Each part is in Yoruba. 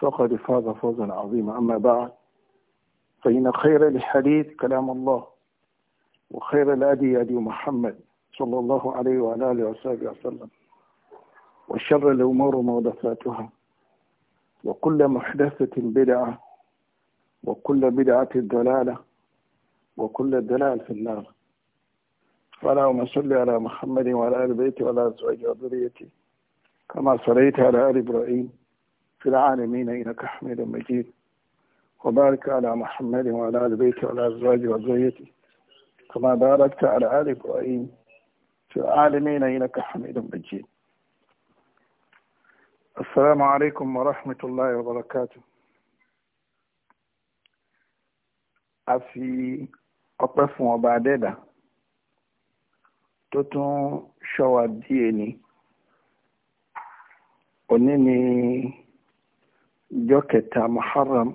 فقد فاز فوزا عظيما أما بعد فإن خير الحديث كلام الله وخير الأدي أدي محمد صلى الله عليه وعلى آله وصحبه وسلم وشر الأمور محدثاتها وكل محدثة بدعة وكل بدعة ضلالة وكل دلال في النار اللهم صل على محمد وعلى آل بيته وعلى أزواجه وذريته كما صليت على آل إبراهيم في العالمين إنك حميد مجيد وبارك على محمد وعلى آل بيته وعلى أزواجه وذريته كما باركت على آل إبراهيم في العالمين إنك حميد مجيد السلام عليكم ورحمة الله وبركاته أفي ọpẹ́ fún ọba adẹ́dà tó tún ìjọ kẹta muharram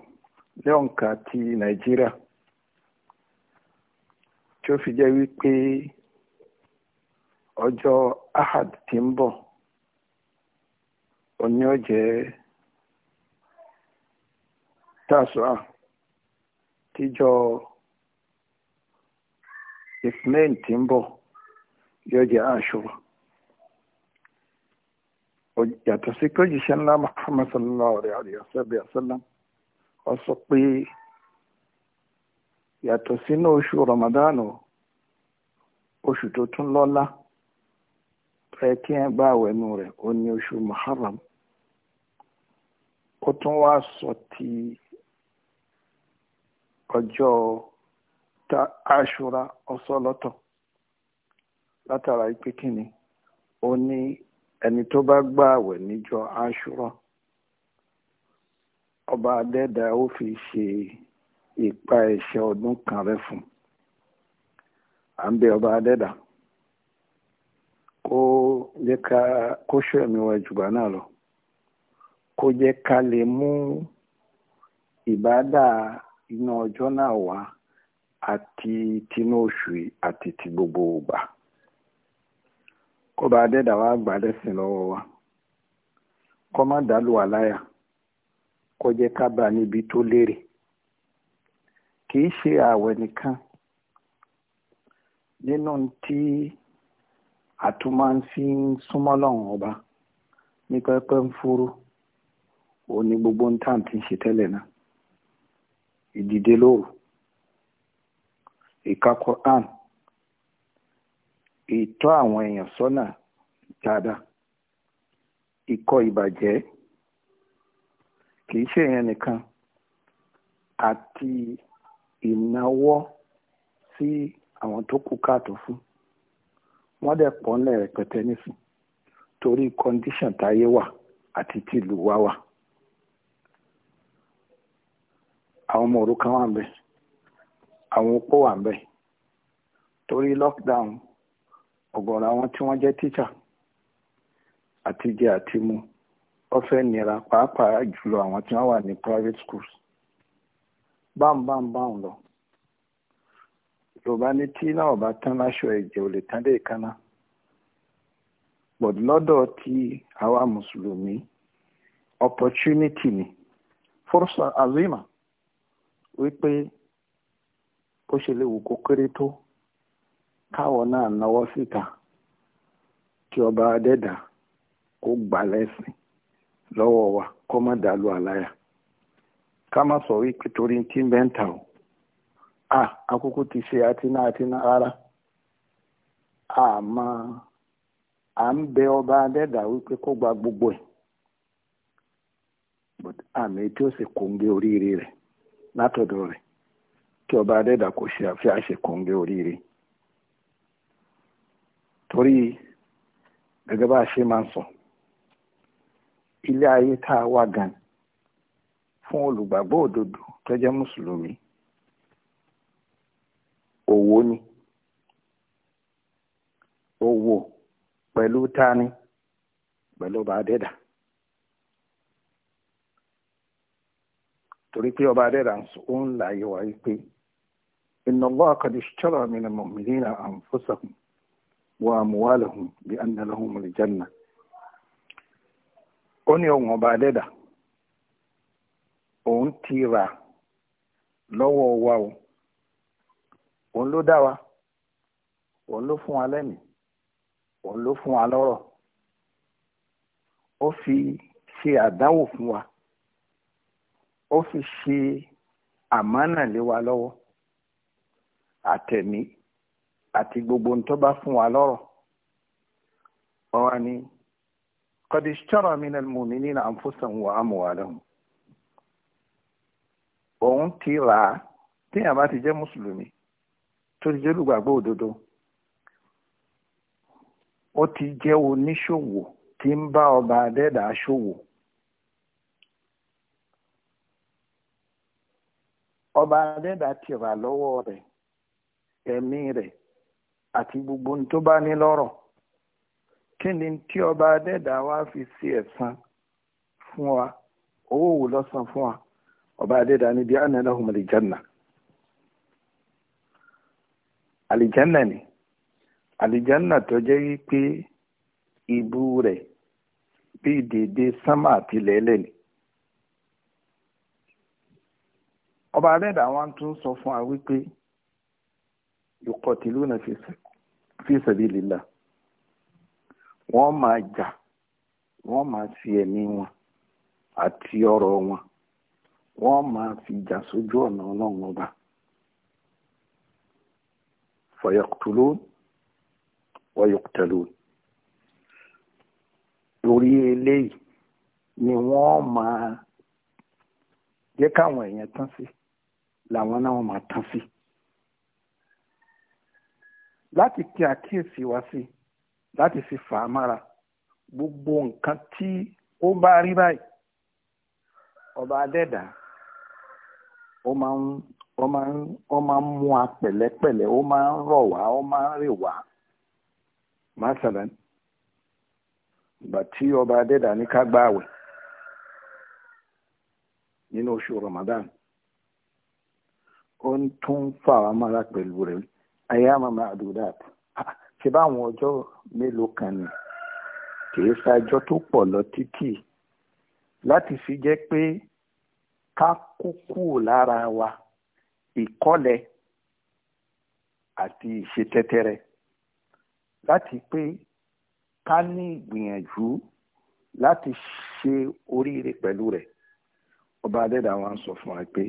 lẹ́ọ̀nkà ti nàìjíríà tí ó fi jẹ́ wípé ọjọ́ ahad tí ń bọ̀ òní ọ̀jẹ́ tasua tíjọ ìfúnẹ́ǹtì ń bọ̀ yọjẹ́ àṣùrọ̀ yàtọ̀ sí pé òjíṣẹ́ ńlá Muhammad sallallahu alayhi wa sallam ọ sọ pé yàtọ̀ sínú oṣù Ramadan oṣù tó tún lọ́lá ẹ kí ẹ bá àwẹ̀nu rẹ̀ ó ní oṣù Muharram ó tún wá sọ ti ọjọ́ ta ọsọ lọ́tọ̀ látara ìpínkínni ó ní ẹni tó bá gbà àwẹ̀ níjọ́ aṣúrà ọba adẹ́dà ó fi ṣe ìpa ẹ̀ṣẹ̀ ọdún kan rẹ̀ fún à ń bẹ ọba adẹ́dà kó jẹ́ ká kó ṣọ́ ẹ̀mí wa jùbá náà lọ kó jẹ́ ká lè mú ìbádà iná ọjọ́ náà wá àti tinú oṣù àti ti gbogbo ògbà kó bá dẹ́dà wá gbàdẹ́sìn lọ́wọ́ wa kó má dàlù àláyà kó jẹ́ ká bá níbi tó lérè kì í ṣe ààwẹ̀ nìkan nínú tí àtúmọ̀ fi ń súnmọ́ lọ́hùn ọba ní pẹ́pẹ́ ń fúrú òun ni gbogbo ń tàn tí ń ṣe tẹ́lẹ̀ náà ìdìde lóru ìka ìtọ́ àwọn èèyàn sọ́nà dáadáa ìkọ̀ ìbàjẹ́ kìí ṣe èèyàn nìkan àti ìnáwó sí àwọn tó kù káàtó fún wọ́n dẹ̀ pọ̀ ńlẹ̀ rẹpẹtẹ nísìn torí kọ́ndíṣàn táyé wà àti tìlú wa wà àwọn ọmọ òrukàn wà ń bẹ àwọn opó wà ń bẹ torí lockdown ọ̀gọ̀rọ̀ àwọn tí wọ́n jẹ́ tíṣà àti jẹ àti mu ó fẹ́ nira pàápàá jùlọ àwọn tí wọ́n wà ní private schools báńbáńbáń lọ yorùbá ní tí náà bá tán láṣọ ẹ̀jẹ̀ ò lè tán dé ìkànnà but lọ́dọ̀ ti àwa mùsùlùmí opportunity ni fursa azima wípé ó ṣe léwu kó kéré tó káwọn náà náwó síta kí ọba adẹ́dà kó gbà lẹ́sìn lọ́wọ́ wa kó má dàlú àláyà ká má sọ wípé torí tí ń bẹ́ ń tà ó à àkókò ti ṣe àtiná àtiná rárá àmọ́ à ń bẹ ọba adẹ́dà wípé kó gba gbogbo ẹ̀ àmì tí ó sì kòǹgé oríire rẹ̀ látọ̀dọ̀ rẹ̀ kí ọba adẹ́dà kò ṣe àfi àṣekòǹgé oríire rẹ̀ torí gẹ́gẹ́ bá a ṣe máa ń sọ ilé ayé tá a wá gan fún olùgbàgbọ́ òdodo tó jẹ́ mùsùlùmí òwò ni òwò pẹ̀lú tani pẹ̀lú ọba adẹ́dà torí pé ọba adẹ́dà ń láyé wáyé pé inna Allaha qad ishtara mina al-mu'minina وأموالهم بأن لهم الجنة ó ní ohun ọba adẹ́dà òun ti rà lọ́wọ́ wa o òun ló dá wa òun ló fún wa lẹ́mìí òun ló fún wa lọ́rọ̀ ó fi ṣe àdánwò fún wa ó fi ṣe àmánà lé wa lọ́wọ́ àtẹ̀mí àti gbogbo ntọ́ bá fún wa lọ́rọ̀ ọ̀wá ni qad ishtara mina al-mu'minina anfusahum wa amwalahum òun ti rà á téèyàn bá ti jẹ́ mùsùlùmí tó ti jẹ́ olùgbàgbọ́ òdodo ó ti jẹ́ oníṣòwò tí ń bá ọba adẹ́dà ṣòwò. ọba adẹ́dà ti rà lọ́wọ́ rẹ̀ ẹ̀mí rẹ̀ àti gbogbo ní tó bá ní lọ́rọ̀ kí ni tí ọba adẹ́dà wa fi sí ẹ̀san fún wa owó wò lọ́sàn fún wa ọba adẹ́dà ni bí àná lahum àlìjánà àlìjánà ni àlìjánà tó jẹ́ wípé ibu rẹ̀ bi dèdè sánmà àti lẹ́lẹ̀ ni ọba adẹ́dà wa tún sọ fún wa wípé. yuqatiluna fi sabilillah wọ́n máa jà wọ́n máa fi ẹ̀mí wọn àti ọrọ̀ wọn wọ́n máa fi jà sójú ọ̀nà ọlọ́run ọba fayaqtulun wa yuqtalun lórí eléyìí ni wọ́n máa jẹ́ káwọn èèyàn tán sí làwọn náà máa tán sí. Si láti pe àkíyèsí wá sí láti fi fà á mára gbogbo nǹkan tí ó bá rí báyìí ọba adẹ́dà ó máa ń ó máa mú a pẹ̀lẹ́pẹ̀lẹ́ ó máa ń rọ̀ wá ó máa ń rè wá masalan ìgbà tí ọba adẹ́dà ní ká gbààwẹ̀ nínú oṣù Ramadan ó ń tún fà wá mára pẹ̀lú rẹ̀ ayáma ma'adudat ah, ṣe báwọn ọjọ́ mélòó kan ni kìí ṣàjọ tó pọ̀ lọ títì láti fi jẹ́ pé ká kúkú lára wa ìkọ́lẹ̀ àti ìṣetẹ́tẹ́rẹ́ láti pé ká ní ìgbìyànjú láti ṣe oríire pẹ̀lú rẹ̀ ọba adẹ́dàá wa ń sọ fún wa pé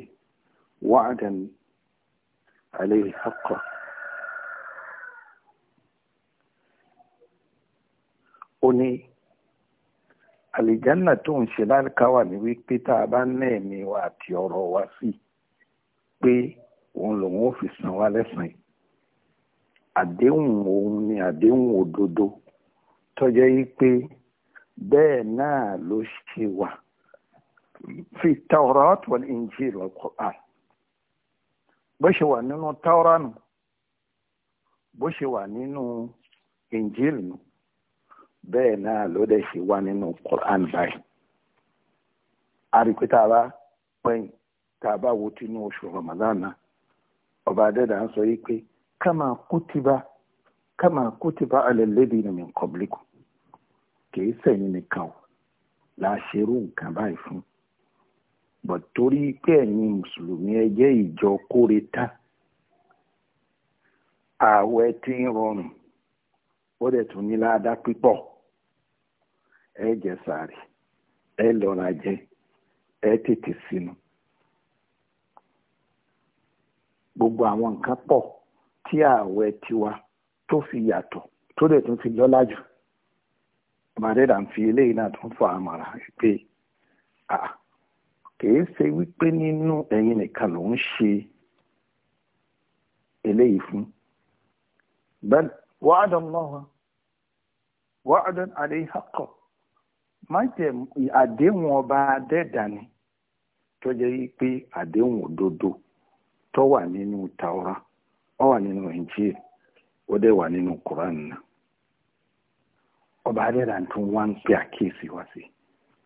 wa'dan alayhi haqqa. ó ní àlìjánà tó ń ṣe lárúkáwà ní wípé tá a bá ná ẹ̀mí wa àti ọ̀rọ̀ wa sí pé òun lòun ò fi san wa lẹ́sàn àdéhùn òun ni àdéhùn òdodo tọ́jọ́ yìí pé bẹ́ẹ̀ náà ló ṣe wà fi Tawrat wal Injil wal Qur'an bó ṣe wà nínú Tawrat nù bó ṣe wà nínú Injil nù bẹ́ẹ̀ náà ló dẹ̀ ṣe wá nínú Quran báyìí àrípé tá a bá pẹ́yìn tá a bá wo tinú oṣù Ramadan náà ọba adẹ́dà ń sọ yìí pé kama kutiba kama kutiba ala alladhina min qablikum kìí sẹ́yìn nìkan o láṣẹrú nǹkan báyìí fún bọ̀ torí pé ẹ̀yin mùsùlùmí ẹ jẹ́ ìjọ kóre tán ààwẹ̀ tí ń rọrùn ó dẹ̀ tún ní ládàá pípọ̀ ẹ jẹ sàárì ẹ lọ́ra jẹ ẹ tètè sínú gbogbo àwọn nǹkan pọ̀ tí ààwẹ̀ tiwa tó fi yàtọ̀ tó dẹ̀ tún fi lọ́lá jù màdẹ́dà ń fi eléyìí náà tún fọ àmàrà pé kìí ṣe wípé nínú ẹ̀yin nìkan ló ń ṣe eléyìí fún wàá dán lọ́wọ́ wàá dán àdéhàkọ̀ọ́. májẹ̀mú àdéhùn ọba adẹ́dà ni tó jẹ́ pé àdéhùn òdodo tó wà nínú taura ó wà nínú Injil ó dẹ̀ wà nínú Quran náà ọba adẹ́dà tó wá ń pè àkíyèsí wá sí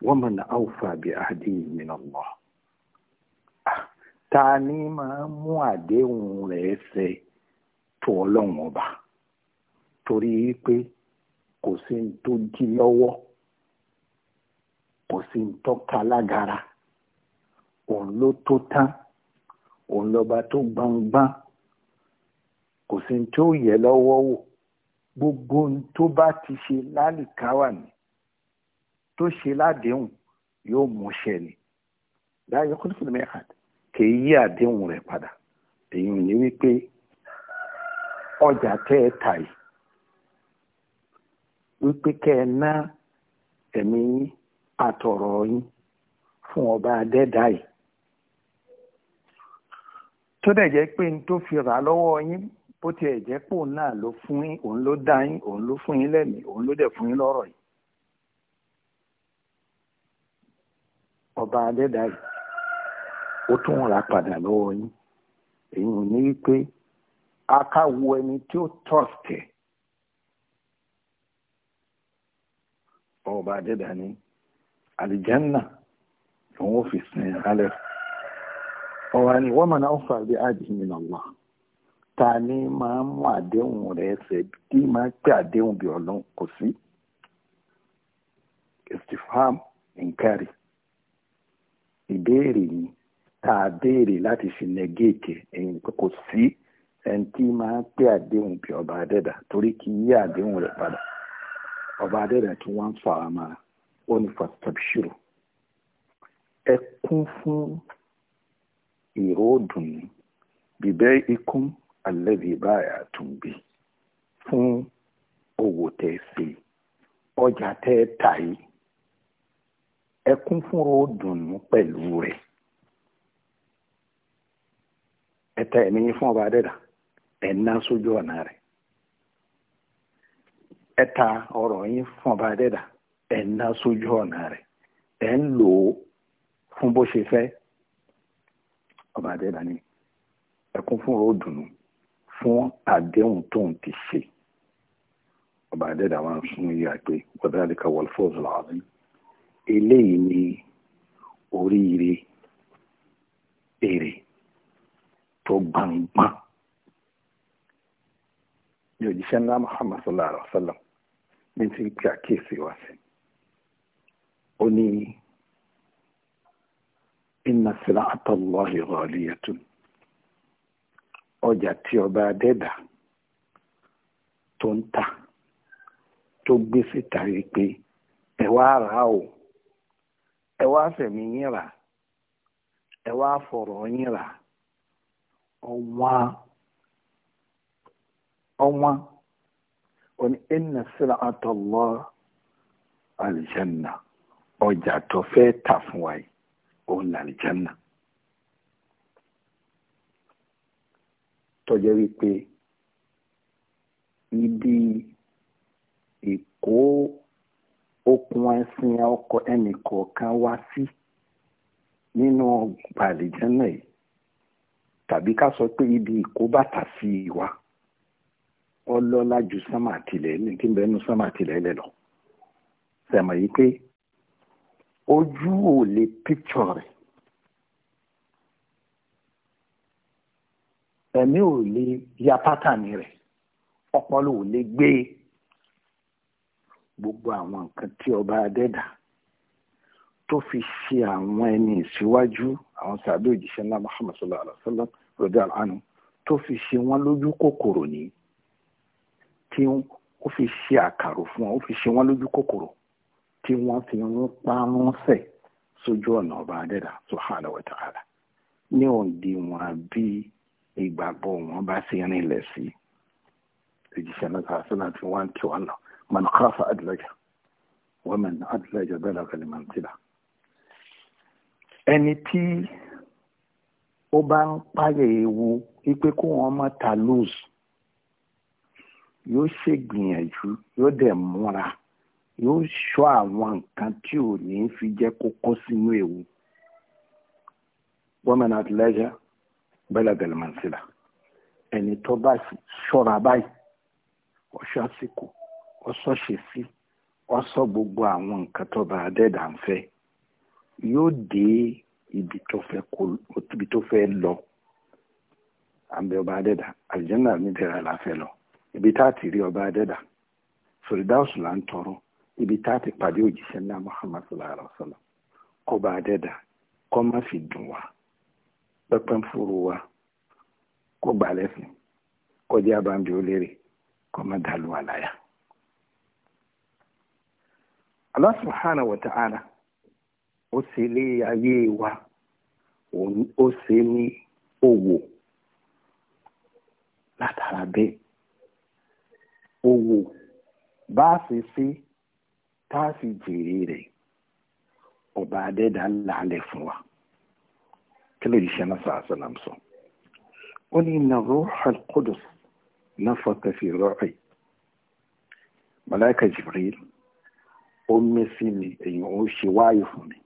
waman awfa bi ah, ta ni máa mú àdéhùn rẹ̀ ṣe tó ọlọ́run ọba torí pé kò sí tó jí lọ́wọ́ kò sí tọ́ka lágara òun ló tó tán òun lọ́ba tó gbangban kò sí tó yẹ lọ́wọ́ wò gbogbo tó bá ti ṣe lálìkáwà ni tó ṣe ládéhùn yóò múṣẹ ni láyé kúlùkùlù mẹ́hàn kì í yí àdéhùn rẹ̀ padà èyí ni wípé ọjà tẹ́ ẹ tà yìí wípé kẹ́ ẹ ná ẹ̀mí yín àtọ̀rọ̀ yín fún ọba adẹ́dá yìí tó dẹ̀ jẹ́ pé n tó fi rà lọ́wọ́ yín bó tiẹ̀ jẹ́ pò náà ló fún yín òun ló dá yín òun ló fún yín lẹ́mìí òun ló dẹ̀ fún yín lọ́rọ̀ yìí ọba adẹ́dá yìí ó tún rà padà lọ́wọ́ yín èyí ní wípé akáwo ẹni tí ó trust ọba adẹ́dá ni àlìjánà lòun ò fi sin ìrálẹ̀ ọ̀rọ̀ ni wọ́n máa ń fà bí àdìmínà wà ta ni máa ń mú àdéhùn rẹ̀ ṣẹ tí máa ń pè àdéhùn bí ọlọ́run kò sí istifham inkari ìbéèrè ni tá a béèrè láti fi negéèkè ẹ̀yìn pé kò sí ẹni tí máa ń àdéhùn bí ọba adẹ́dà torí kì í yí àdéhùn rẹ̀ padà ọba adẹ́dà tí wọ́n ń fara mọ́ra onífàtàbíṣirò ẹ kún fún ìró dùnú bíbẹ́ ikún alẹ́bí báyà tún bí fún owó tẹ́ ṣe ọjà tẹ́ tà yìí ẹ kún fún ìró dùnú pẹ̀lú rẹ̀ ẹ tẹ ẹ̀mí yín fún ọba adẹ́dà ẹ̀ ná sójú ọ̀nà rẹ̀ ẹ ta ọ̀rọ̀ yín fún ọba adẹ́dà ẹ̀ ń ná sójú ọ̀nà rẹ̀ ẹ̀ ń lò ó fún bó ṣe fẹ́ ọba àdẹ́dà ni ẹkún fún ọ̀rọ̀ dùnú fún àdéhùn tó ń ti ṣe ọba àdẹ́dà wọn sún yíya pé wọ́dà àdìkà wọ́n fọ́ọ̀sì làwọn eléyìí ni oríire èrè tó gbangban ní òjíṣẹ́ ńlá Muhammad sallallahu alaihi wa sallam ní ti ń àkíyèsí wá sí ó ní inna sil'ata Allahi ghaliyatun ọjà tí ọba adẹ́dà tó ń tà tó gbé síta rí pé ẹ wá rà ó ẹ wá fẹ̀mí yín rà ẹ wá fọ̀rọ̀ yín rà ọ̀wọ́n ọ̀wọ́n òní inna sil'ata Allah al-janna ọjà tó fẹ́ tà fún wa yìí òun làlìjánà tọ́jọ́ wípé ibi ìkó okun ẹṣin ọkọ ẹnìkọ̀ọ̀kan wá sí nínú ọgbà àlìjánà yìí tàbí ká sọ pé ibi ìkó bàtà sí wa ọlọ́lá ju sámà àtìlẹ́lẹ̀ tí ń bẹ́ẹ̀ nu sámà àtìlẹ́lẹ̀ lọ sẹ̀mọ̀ yìí pé ojú ò lè picture rẹ̀ ẹ̀mí ò lè ya pátánì rẹ̀ ọpọlọ ò lè gbé gbogbo àwọn nǹkan tí ọba adẹ́dà tó fi ṣe àwọn ẹni ìṣíwájú àwọn sàbí òjíṣẹ́ ńlá Muhammad sallallahu alaihi wa sallam rọjò àlánú tó fi ṣe wọ́n lójú kòkòrò ní tí ó fi ṣe àkàrò fún wọn ó fi ṣe wọ́n lójú kòkòrò tí wọ́n fi ń parun sẹ̀ sójú ọ̀nà ọba adẹ́dà subhanahu wa ta'ala ní òǹdíwọ̀n bí ìgbàgbọ́ wọn bá ṣe rinlẹ̀ sí ìjíṣẹ́ náà sàásìlá tí wọ́n ń tu ọ̀nà man khafa adlaja wa man adlaja balagha liman tila ẹni tí ó bá ń páyẹ̀ ewu wípé kó wọn má ta lóòsù yóò ṣègbìyànjú yóò dẹ̀ múra yóò ṣọ́ àwọn nǹkan tí ò ní fi jẹ́ kókó sínú ewu women at leisure bella delmansila ẹni tó bá ṣọ́ra báyìí ọṣọ àsìkò ọṣọ ṣe sí ọṣọ gbogbo àwọn nǹkan tó bá dẹ́dà ń fẹ́ yóò dé ibi tó fẹ́ lọ àbẹ ọba adẹ́dà àlìjẹ́nà mi tẹ̀ra la fẹ́ lọ ibi tá a ti rí ọba adẹ́dà sòrídàá là ń tọrọ ibi tá a ti pàdé òjíṣẹ́ ńlá muhammad sallallahu alaihi wa sallam ọba adẹ́dà kọ́ má fi dùn wá pẹ́pẹ́ ń fúru wa kó gbà lẹ́sìn kọjá àbámbi ó lérè kọ́ má dàlú àlàyà. Allah subhanahu wa ta'ala ó ṣe lé ayé wa ó ṣe ní òwò látara bẹ́ẹ̀ òwò bá a ṣe ṣe tá a sì jèrè rẹ̀ ọba adẹ́dà làálẹ̀ fún wa kí ló yìí ṣe náà sàásà náà sọ ó ní inna ruhal qudus nafata fi ru'i malaika jibril ó mẹ́sí mi èèyàn ó ṣe wáyé fún mi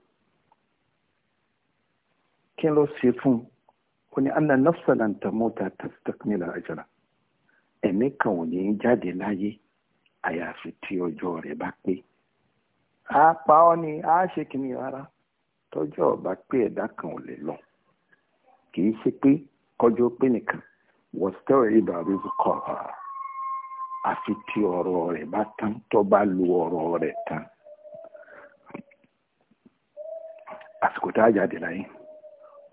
kí ló ṣe fún ó ní anna nafsa lan tamuta tastakmila ajala ẹ̀mí kan ò ní jáde láyé àyàfi tí ọjọ́ rẹ̀ bá pé. a pa ọ ni a ṣe kìnìún rárá ọba pé ẹ̀dá kan ò lè lọ kì í ṣe pé kọjọ pé nìkan wọ́tẹ́ ìbá rúbù kọ́ àfi tí ọ̀rọ̀ rẹ̀ bá tán tọ bá lu ọ̀rọ̀ rẹ̀ tán àsìkò tá a jáde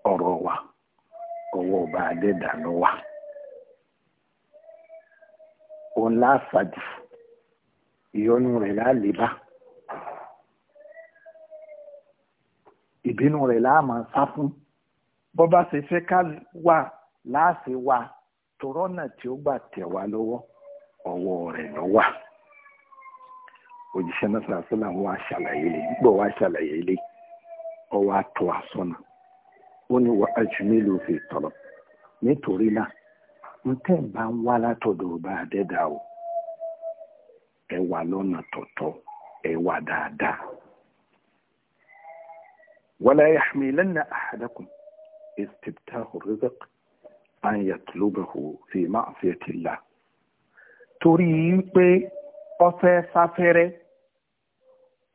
wa ọba òun ìbínú rẹ̀ láàmà sá fún bó ṣe fẹ́ ká wà láàṣẹ wa torọ́ náà tí ó gbà tẹ̀ wá lọ́wọ́ ọwọ́ rẹ̀ ló wà òjíṣẹ́ náà sàásù làwọn wá ṣàlàyé lè gbọ́ wá ṣàlàyé ọwọ́ àtọ́ ó ní wọ́n fi tọ̀rọ̀ nítorí náà bá ń wá látọ̀dọ̀ o ẹ wà lọ́nà tọ̀tọ̀ ẹ wà ولا يحملن أحدكم استبتاه الرزق أن يطلبه في معصية الله torí pé ọfẹ́ sáfẹ́rẹ́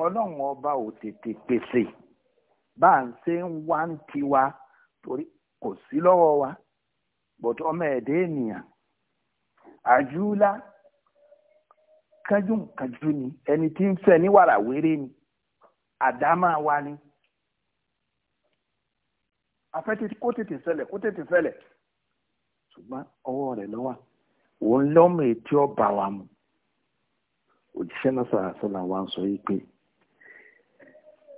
ọlọ́run ọba ò tètè pèsè bá à ń ṣe ń wá ń tiwa torí kò sí lọ́wọ́ wa bọ̀dọ̀ ọmọ ẹ̀dẹ́ ènìyàn àjúlá kájúkájú ni ẹni tí ń fẹ́ ní wàràwéré ni àdámà wa ni afẹ́ kó tètè ṣẹlẹ̀ kó tètè ṣẹlẹ̀ ṣùgbọ́n ọwọ́ rẹ̀ lọ́wọ́ òun lọ́mọ etí ọba wa mu òjíṣẹ́ náà sọ̀rọ̀ sọ̀rọ̀ wa ń sọ yìí pé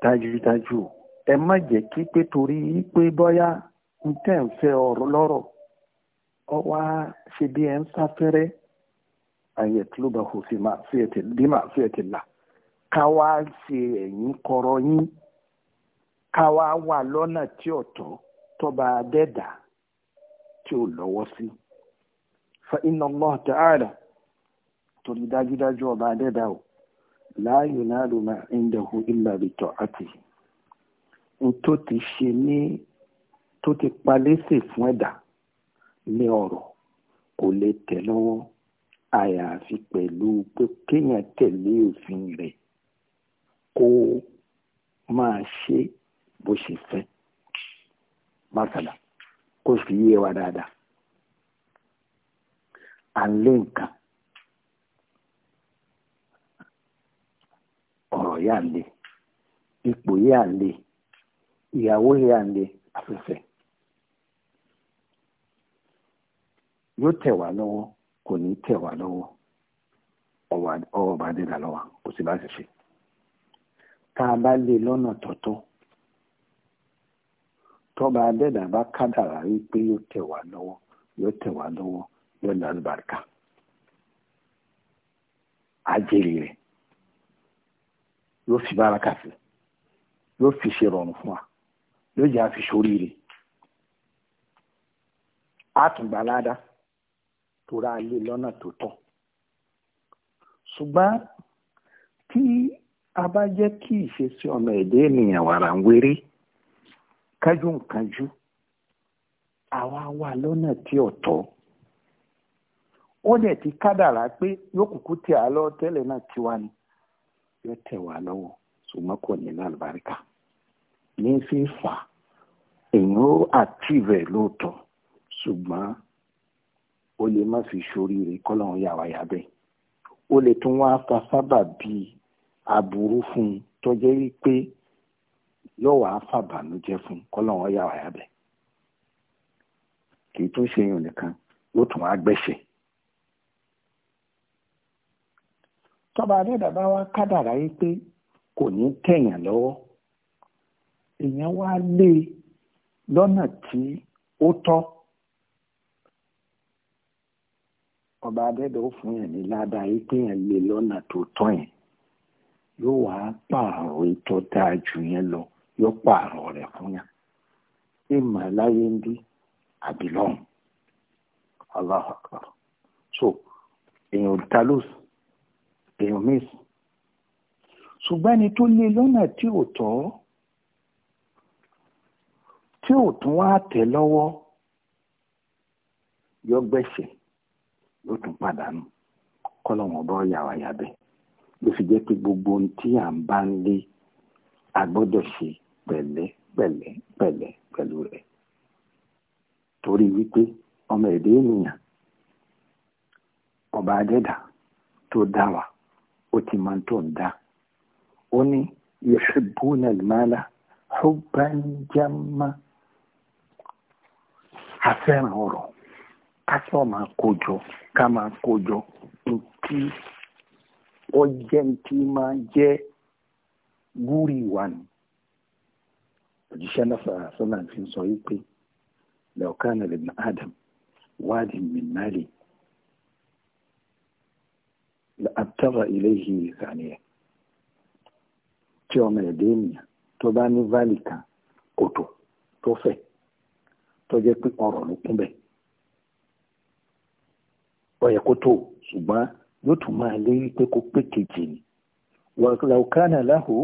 dájúdájú ẹ má jẹ́ kí pé torí pé bọ́yá n tẹ́ ń fẹ́ ọ̀rọ̀ lọ́rọ̀ ọ wá ṣe bí ẹ ń sáfẹ́rẹ́ àyẹ̀ tí ló bá kò sí máa fi ẹ̀tẹ̀ dí máa fi ẹ̀tẹ̀ là ká wá ṣe ẹ̀yìn kọ̀rọ̀ yín ká wá wà lọ́nà tí ọ̀tọ̀ tọba adẹ́dà tí ó lọ́wọ́ sí fa inna Allah ta'ala torí dájúdájú ọba adẹ́dà o la yunalu ma indahu illa bi ta'atihi n tó ti ṣe ní tó ti palẹ́sẹ̀ fún ẹ̀dá ní ọ̀rọ̀ kò lè tẹ̀ àyàfi pẹ̀lú pé kéèyàn tẹ̀lé òfin rẹ̀ kó máa ṣe bó ṣe fẹ́ masala kó sì yé wa dáadáa à ń lé nǹkan ọ̀rọ̀ yà ń lé ipò yà ń lé ìyàwó yà ń lé yóò tẹ̀ wá lọ́wọ́ kò ní tẹ̀ wá lọ́wọ́ ọwọ́ bá dé dà kò sì bá ṣe ṣe tá a bá lé lọ́nà tọ̀tọ̀ tọ́ba adẹ́dà bá kádàrá rí pé yóò tẹ̀ wá lọ́wọ́ yóò tẹ̀ wá lọ́wọ́ yóò lálùbáríkà àjèrè rẹ̀ yóò fi báraka sí yóò fi ṣe rọrùn fún wa yóò jẹ́ àfi ṣoríire àtùgbàládá tora lé lọ́nà tó tọ́ ṣùgbọ́n tí a bá jẹ́ kí ìṣesí ọmọ ẹ̀dá ènìyàn wàrà ń wéré kájúǹkájú àwa wà lọ́nà tí ọ̀tọ̀ ó dẹ̀ ti kádàrá pé yókùkú tí a lọ tẹ́lẹ̀ náà ti wá ni yóò tẹ̀ wá lọ́wọ́ ṣùgbọ́n kò ní lálùbáríkà ní fífa èèyàn ó àtìvẹ̀ lóòótọ́ ṣùgbọ́n ó lè má fi ṣoríire kọ́lọ́run yà wá yà bẹ́ẹ̀ ó lè tún wá fa sábà bíi aburú fún un tó wípé yóò wá fàbànújẹ́ fún kọ́lọ́wọ́n yà wáyà bẹ̀ kì í tún ṣe yàn nìkan yóò tún wá gbẹ̀ṣẹ̀. tọ́ba adẹ́dà bá wá kádàrá yìí pé kò ní tẹ̀yàn lọ́wọ́ èèyàn wá lé e lọ́nà tí ó tọ́ ọba adẹ́dà ó fún yàn ní ládàá yìí pé yàn lé e lọ́nà tó tọ́ yẹn yóò wá pààrọ̀ ètò tá jù yẹn lọ yóò pààrọ̀ rẹ̀ fún yàn ìmọ̀ láyé ń bí àbí lọ́hùn Allahu Akbar so èèyàn òdìtalóòs èèyàn mẹ́sì ṣùgbọ́n ẹni tó lé lọ́nà tí ò tọ́ tí ò tún wá tẹ̀ lọ́wọ́ yọ gbẹ̀ṣẹ̀ ló tún pàdánù kọ́lọ́wọ́n bọ́ yàwá yàbẹ̀ ló fi jẹ́ pé gbogbo ohun tí à ń bá ń lé a ṣe pẹ̀lẹ́ pẹ̀lẹ́ pẹ̀lẹ́ pẹ̀lú rẹ̀ torí wípé ọmọ èdè ènìyàn ọba adẹ́dà tó dá wa ó ti máa tó ń dá ó ní yuhibbuna al-mala hubban jamma afẹ́ràn ọ̀rọ̀ kásọ̀ máa kójọ ká máa kójọ ntí ó jẹ́ ntí máa jẹ́ gúrì wà ní òjíṣẹ́ náà sọ́nà fi ń sọ wípé lẹ́ọ̀kánà lè na adam wádìí mìnálì àtàrà ilé yìí ìsànìyàn tí ọmọ ẹ̀dẹ́ ènìyàn tó bá ní válì kan kòtò tó fẹ̀ tó jẹ́ pé ọ̀rọ̀ ló kún bẹ̀ ó kó tó ṣùgbọ́n yóò tún máa lérí pé kó pé kejì ni wọ́n láhùú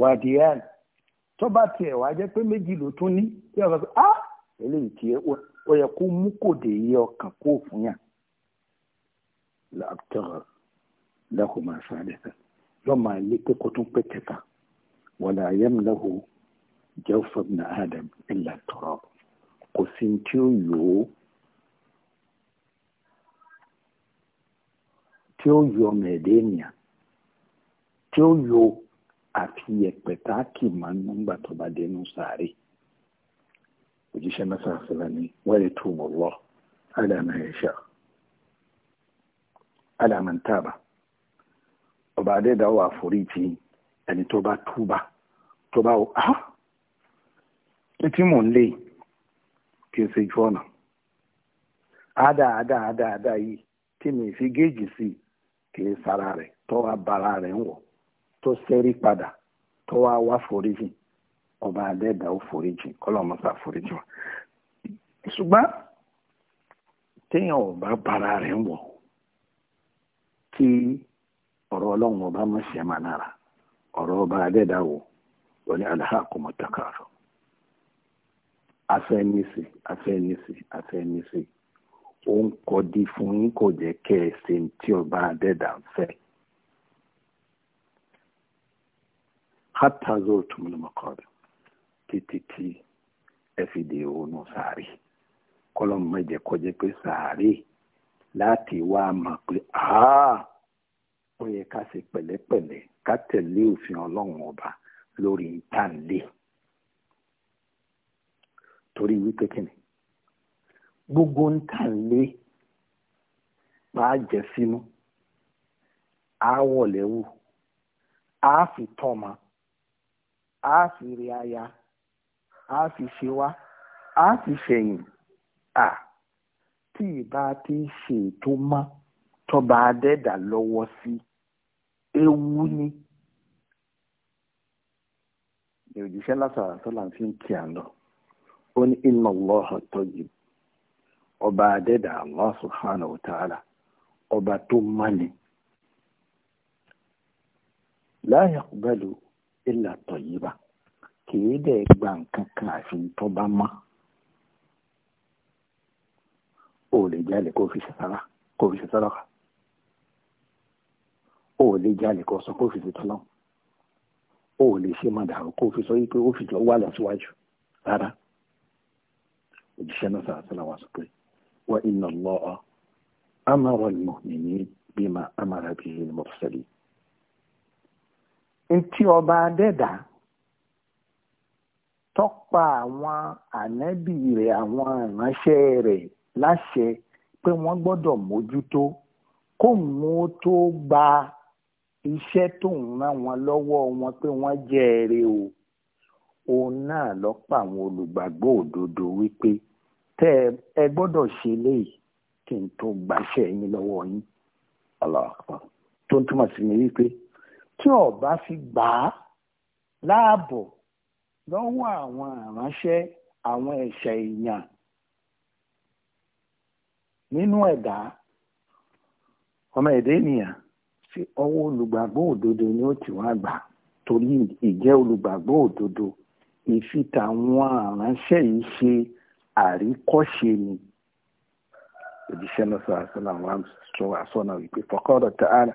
wádìí yára tó bá tiẹ̀ wá jẹ́ pé méjì ló tún ní tí wọ́n sọ pé ah eléyìí tiẹ̀ ó yẹ kó mú kò dé iye ọkàn kó fún yàn láàbùtọ́rọ̀ lẹ́kùn máa sáré fẹ́ yóò máa lé pé kó tún pé kẹta wọ́n àyẹ̀m lẹ́hùn jẹ́ fún adam illa turab kò sí tí ó yòó tí ó yọ mẹ̀ẹ́dẹ́nìyàn tí ó yòó àti yẹ̀pẹ̀ tá a kì máa ń nígbà tó bá dé inú sàárè òjíṣẹ́ mẹ́sàn-án sílẹ̀ ní wẹ́rẹ̀ tó wọ̀ lọ alàmà ẹ̀ṣà alàmà ń tàbà ọba adédáwọ̀ àforíjì ẹni tó bá túbà tó bá wò áhà títí mò ń lé kí n ṣe ju ọ̀nà àdá àdá àdá àdá yìí tí mi fi géèjì sí kì í sara rẹ̀ tọ́wọ́ bara rẹ̀ ń wọ̀. tó sẹ́rí padà tó wá wá ọba adẹ́dà ó foríjì kọ́lọ́mọ́sá foríjì wa ṣùgbọ́n téèyàn ò bara rẹ̀ wọ̀ kí ọ̀rọ̀ ọlọ́run ọba mọ̀ ṣe máa nára ọba adẹ́dà wò wọ́n ní ó ń kọ́ ọba adẹ́dà ń hátà zurtumul maqabir títí tí ẹ fi dé ònà sàárè kọ́lọ́ mẹ́jẹ kọjá pé sàárè láti wá mọ̀ pé ó yẹ ká ṣe pẹ̀lẹ́pẹ̀lẹ́ ká tẹ̀lé òfin ọlọ́run ọba lórí ìtànlé torí wípé kíni gbogbo ìtànlé máa jẹ sínú àwọ̀lẹ́wù àáfitọ́mọ a sì rí aya a sì ṣe a à ti ṣe tó ma tọba adẹ́dà lọ́wọ́ sí ewu ni òjíṣẹ́ látara tó là ń kí à lọ ó ní inna Allaha tayyib ọba adẹ́dà ọba tó ni ìlà tọ̀yíba kìí dẹ̀ gba nǹkan kan àfi tó bá mọ́ o lè jalè kó fi ṣe sára kó fi ṣe sára o lè jalè kó sọ kó fi ṣe tọ́lọ́ o lè ṣe má dàrú kó fi sọ yí pé ó fi jọ wà lọ rárá òjíṣẹ́ náà sàrásílà wà sọ pé wa inna Allaha amara al-mu'minina bima amara bihi al-mursalin ntí ọba adẹ́dà tọ́pa àwọn ànábì rẹ̀ àwọn ìránṣẹ́ rẹ̀ láṣẹ pé wọ́n gbọ́dọ̀ mójútó kóun ó tó gba iṣẹ́ tóun rán wọn lọ́wọ́ wọn pé wọ́n jẹ́ ẹ̀rẹ́ o òun náà lọ pa àwọn olùgbàgbọ́ òdodo wípé tẹ́ ẹ gbọ́dọ̀ ṣe léyìí kí n tó gbaṣẹ́ yín lọ́wọ́ yín tó ń túmọ̀ sí mi wípé tí ọba fi gbà á láàbò lọ́wọ́ àwọn àránṣẹ́ àwọn ẹ̀ṣẹ̀ èèyàn nínú ẹ̀dá ọmọ ẹ̀dá ènìyàn sí ọwọ́ olùgbàgbọ́ òdodo ni ó ti wá gbà torí ìjẹ́ olùgbàgbọ́ òdodo ìfita àwọn àránṣẹ́ yìí ṣe àríkọ́ṣe ni òjíṣẹ́ náà sọ àsọ́nà wípé fọkọ́rọ̀ tààrà.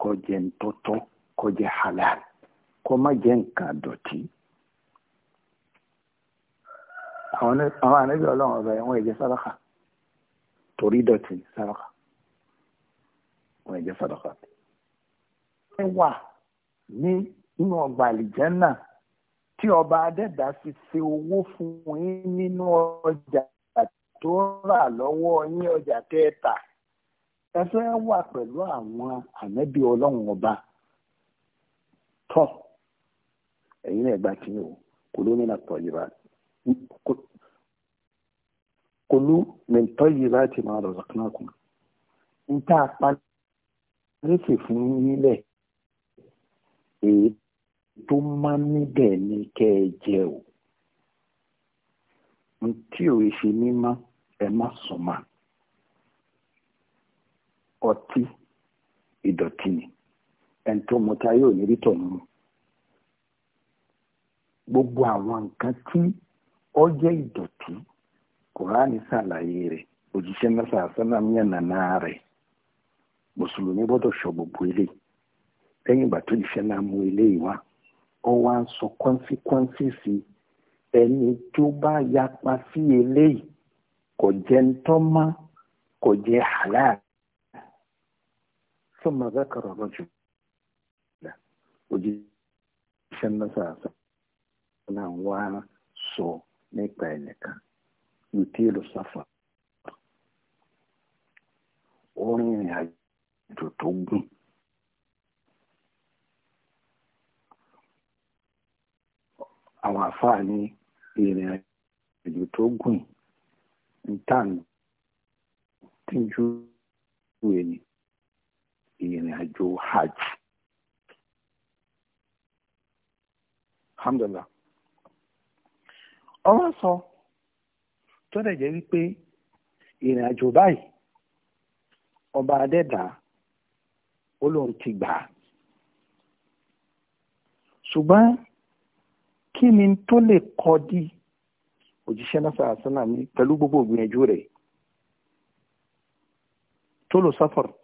kó jẹ ntọ́tọ́ kó jẹ halal kó má jẹ nǹkan dọ̀tí. àwọn ànábì ọlọ́run ọba ẹ̀wọ̀n ẹ̀jẹ̀ sàdákà torí dọ̀tí sàdákà wọ́n ẹ̀jẹ̀ sàdákà. ẹ wà ní inú ọgbà àlìjẹ́nà tí ọba adẹ́dá fi ṣe owó fún yín nínú ọjà tó rà lọ́wọ́ yín ọjà tẹ́ẹ̀ta ẹ fẹ́ wà pẹ̀lú àwọn ànábì ọlọ́run ọba tọ́ ẹ̀yin náà gba kí ni o kulu mina tayyibat kulu min tayyibati ma razaqnakum n tá a pa lẹ́sẹ̀ fún nílẹ̀ èyí tó máa níbẹ̀ ni kẹ́ ẹ jẹ o n tí ò ṣe mímọ́ ẹ má sùn máa ọtí ìdọ̀tí ni ẹni tó mu ta yóò ní rí tọ̀nù mu gbogbo àwọn nǹkan tí ó jẹ́ ìdọ̀tí kùránì ṣàlàyé rẹ̀ òjíṣẹ́ mẹ́fà sọ́nà mẹ́nàná rẹ̀ mùsùlùmí gbọ́dọ̀ sọ gbogbo eléyìí lẹ́yìn ìgbà tó jíṣẹ́ náà mú eléyìí wá ó wá ń sọ consequences ẹni tó bá yapa sí eléyìí kò jẹ́ ń kò jẹ́ halal ثم ذكر الرجل لا òjíṣẹ́ náà náà wá sọ nípa ẹnìkan yòtí èlò sáfà ó rìn ìrìn àjò tó gùn àwọn àfáà ní ìrìn àjò tó gùn ní tàn tí ń ju ìwé ni ìrìn àjò hajj. alhamdulillah ọwọ́ sọ tó dẹ̀ jẹ́ wípé ìrìn àjò báyìí ọba adẹ́dà ó lóun ti gbà á ṣùgbọ́n kí ni tó lè kọ́ di òjíṣẹ́ náà sàásánà mi pẹ̀lú gbogbo ìgbìyànjú rẹ̀ tó lò sáfọ̀rọ̀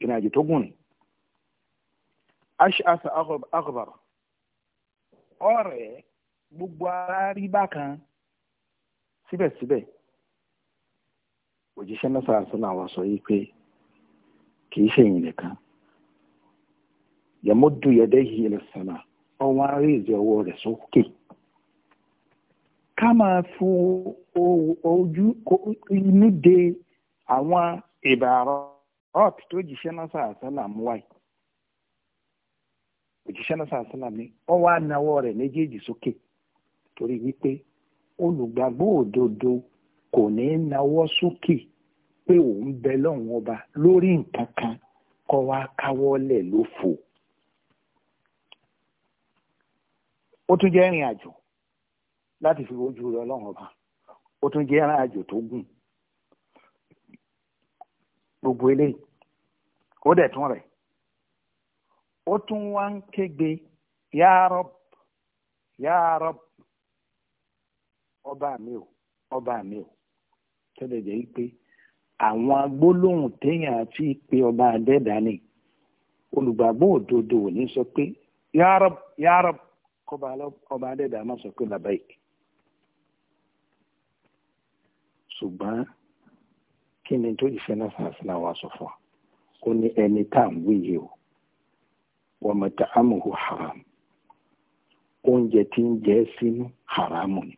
ìrìn àjò tó gùn ni. ash'as akhbar ọ̀rẹ́ gbogbo ara rí bákan síbẹ̀síbẹ̀ òjíṣẹ́ náà sọ̀rọ̀ sọ́nà àwọn sọ yìí pé kì í ṣe ìyìn nìkan yamuddu yadayhi ila sama ọwọ́ arí ìdí ọwọ́ rẹ̀ sókè ká máa fún ojú inú de àwọn ìbàrọ̀. họt tó jíṣẹ́ náà sàásálàm wáì òjíṣẹ́ náà sàásálàm ni ó wá nawọ́ rẹ̀ méjèèjì sókè torí wípé olùgbàgbọ́ òdodo kò ní n'awọ sókè pé òun bẹ lọ́hùn ọba lórí nǹkan kan kọ́ wá káwọ́lẹ̀ lófo. ó tún jẹ́ fi ọlọ́run ọba ó tún jẹ́ gbogbo eléyìí ó dẹ̀ tún rẹ̀ ó tún wá ń kégbe ọba mi o ọba mi o tẹ́lẹ̀ jẹ́ pé àwọn agbólóhùn téèyàn pe ọba adẹ́dá olùgbàgbọ́ òdodo ọba má sọ pé kí ni tó ìfẹ́ náà sàásìlá wa sọ fún wa ó ní ẹni tá à ń wí yìí o wa mata'amuhu haram oúnjẹ tí ń jẹ sínú haramu ni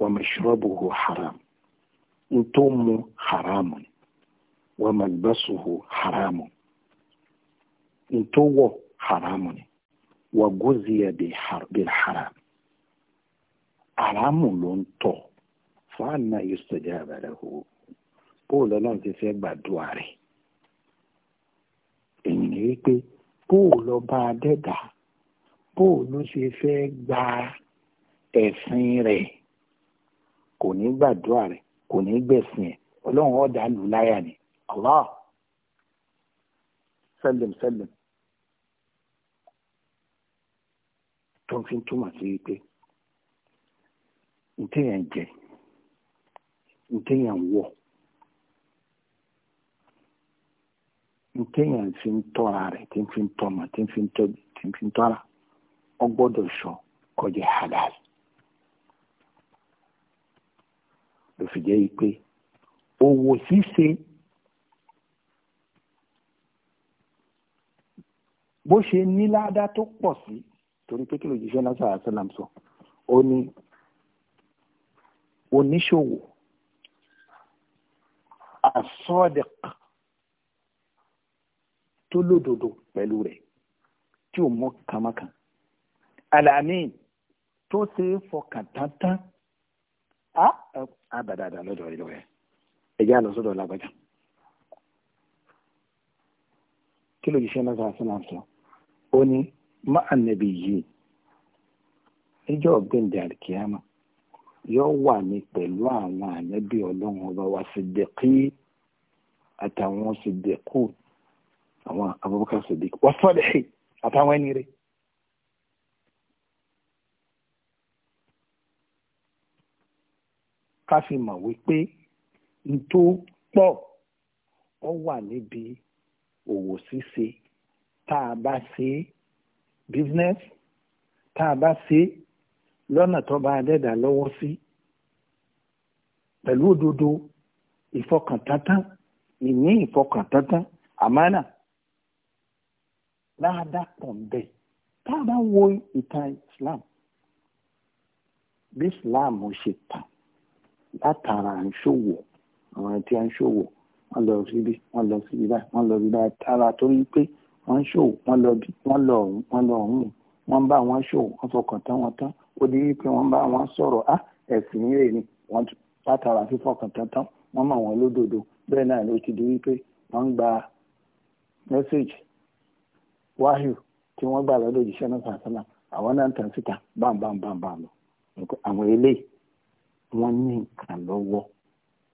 wa mashrabuhu haram ń tó mu haramu ni wa malbasuhu haramu ń tó wọ̀ haramu ni wa guziya bil haram haramu ló ń tọ̀ fa anna yustajaba lahu. bóòlù ọlọ́run ti fẹ́ gbàdúrà rẹ̀ èyí ni wípé bóòlù ọba adẹ́dà ló ṣe fẹ́ gba ẹ̀sìn rẹ̀ kò ní gbàdúrà rẹ̀ kò ní gbẹ̀sìn ẹ̀ ọlọ́run ọ̀dà lù láyà ni Allah sẹ́lẹ̀m sẹ́lẹ̀m ntẹ́yàn fi ń tọ́ra rẹ̀ tí ń fi ń tọ́mọ tí ń fi ń tọ́jú tí ń fi ń tọ́ra ọ gbọ́dọ̀ sọ kọjá halal ló fi jẹ́ yìí pé òwò ṣíṣe bó ṣe ní ládá tó pọ̀ sí torí pé kí ló jíṣẹ́ náà sàrà sọ́làm sọ ó ní oníṣòwò asọ́dẹ̀kọ̀ tó lódodo pẹ̀lú rẹ̀ tí ò mọ́ kàmákàn alamin tó ṣe é fọkàn tántán á àbàdàdà lọ́dọ̀ rẹ̀ lọ́wọ́ ẹ̀jẹ̀ àlọ́sọ́dọ̀ lágbájá kí ló ṣiṣẹ́ náà sọ́nà sọ ó ní má ànàbì yìí níjọ́ ọ̀gbìndẹ̀ àríkíámà yóò wà ní pẹ̀lú àwọn ànábì ọlọ́run ọba wa sídẹ̀kí àtàwọn sídẹ̀kù àwọn Abubakar Sadiq wà sọ́lẹ̀ṣì àtàwọn ẹni rẹ̀ ká fi mọ̀ wípé n tó pọ̀ ó wà níbi òwò ṣíṣe tá a bá ṣe business tá a bá ṣe lọ́nà tó bá dẹ́dà lọ́wọ́ sí pẹ̀lú òdodo ìfọkàntántán ìní ìfọkàntántán àmánà láàdá pọ̀ ń bẹ̀ tá a bá wo ìtàn islam bí islam ṣe tàn látara à ń ṣòwò àwọn tí à ń ṣòwò wọ́n lọ síbi wọ́n lọ síbi báyìí wọ́n lọ síbi báyìí tára torí pé wọ́n ń ṣòwò wọ́n lọ bí wọ́n lọ ọ̀hún wọ́n lọ ọ̀hún wọ́n bá wọn ṣòwò wọ́n fọkàn tán wọn tán ó di wípé wọ́n bá wọn sọ̀rọ̀ á ah, ẹ̀sìn rè ni wọ́n látara fífọkàn tán tán wọ́n mọ̀ wọ́n lódodo bẹ́ẹ̀ náà ló ti di wípé wọ́n gba mẹ́sẹ̀gì wáhíù tí wọ́n gbà lọ́dọ̀ òjíṣẹ́ náà sàṣánà àwọn náà ń tàn síta bámbámbámbá lọ àwọn eléyìí wọ́n ní nǹkan lọ́wọ́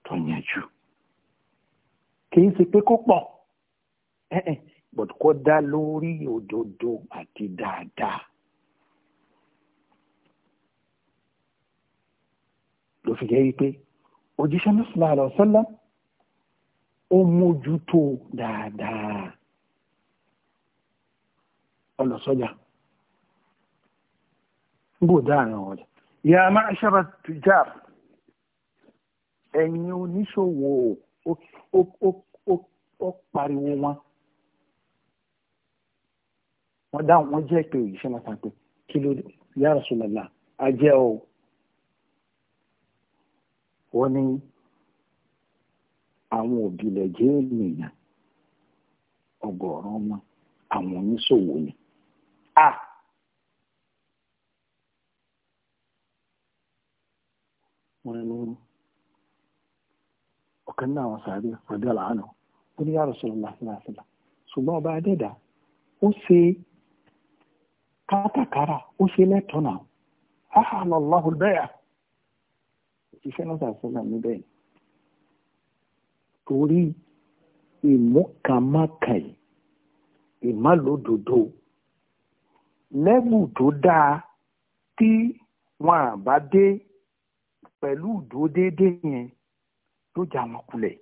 tó yanjú kì í ṣe pé kó pọ̀ ẹ̀ẹ́ but kó dá lórí òdodo àti dáadáa. ló fi jẹ́ wípé òjíṣẹ́ náà sallallahu alaihi ó mójútó dáadáa ọlọ sọjà bó dáàrin ọjà ìyá máa ṣẹba tujar ẹ̀yin oníṣòwò ó pariwo wọn wọn dáhùn wọn jẹ́ pé òyìṣẹ máa tàn pé kí ló ya Rasulullah ajẹ o wọn ní àwọn òbí lẹjẹ ènìyàn ọgọ́rùn wọn àwọn oníṣòwò ni à ah. wọ́n ní ọ̀kan náà wọ́n sáré pẹ̀lú àlàánà ó ní yàrá sọ̀rọ̀ lásìlásìlá ṣùgbọ́n ọba adẹ́dà ó ṣe kátàkárà ó ṣe lẹ́tọ̀ọ́ náà ahànà Allahul bẹ́yà ìṣiṣẹ́ náà sàṣẹ́lá níbẹ̀ torí ìmúkàmákàì ìmálòdodo lẹ́bù tó dáa tí wọn à bá dé pẹ̀lú ìdúródéédé yẹn ló já wọn kulẹ̀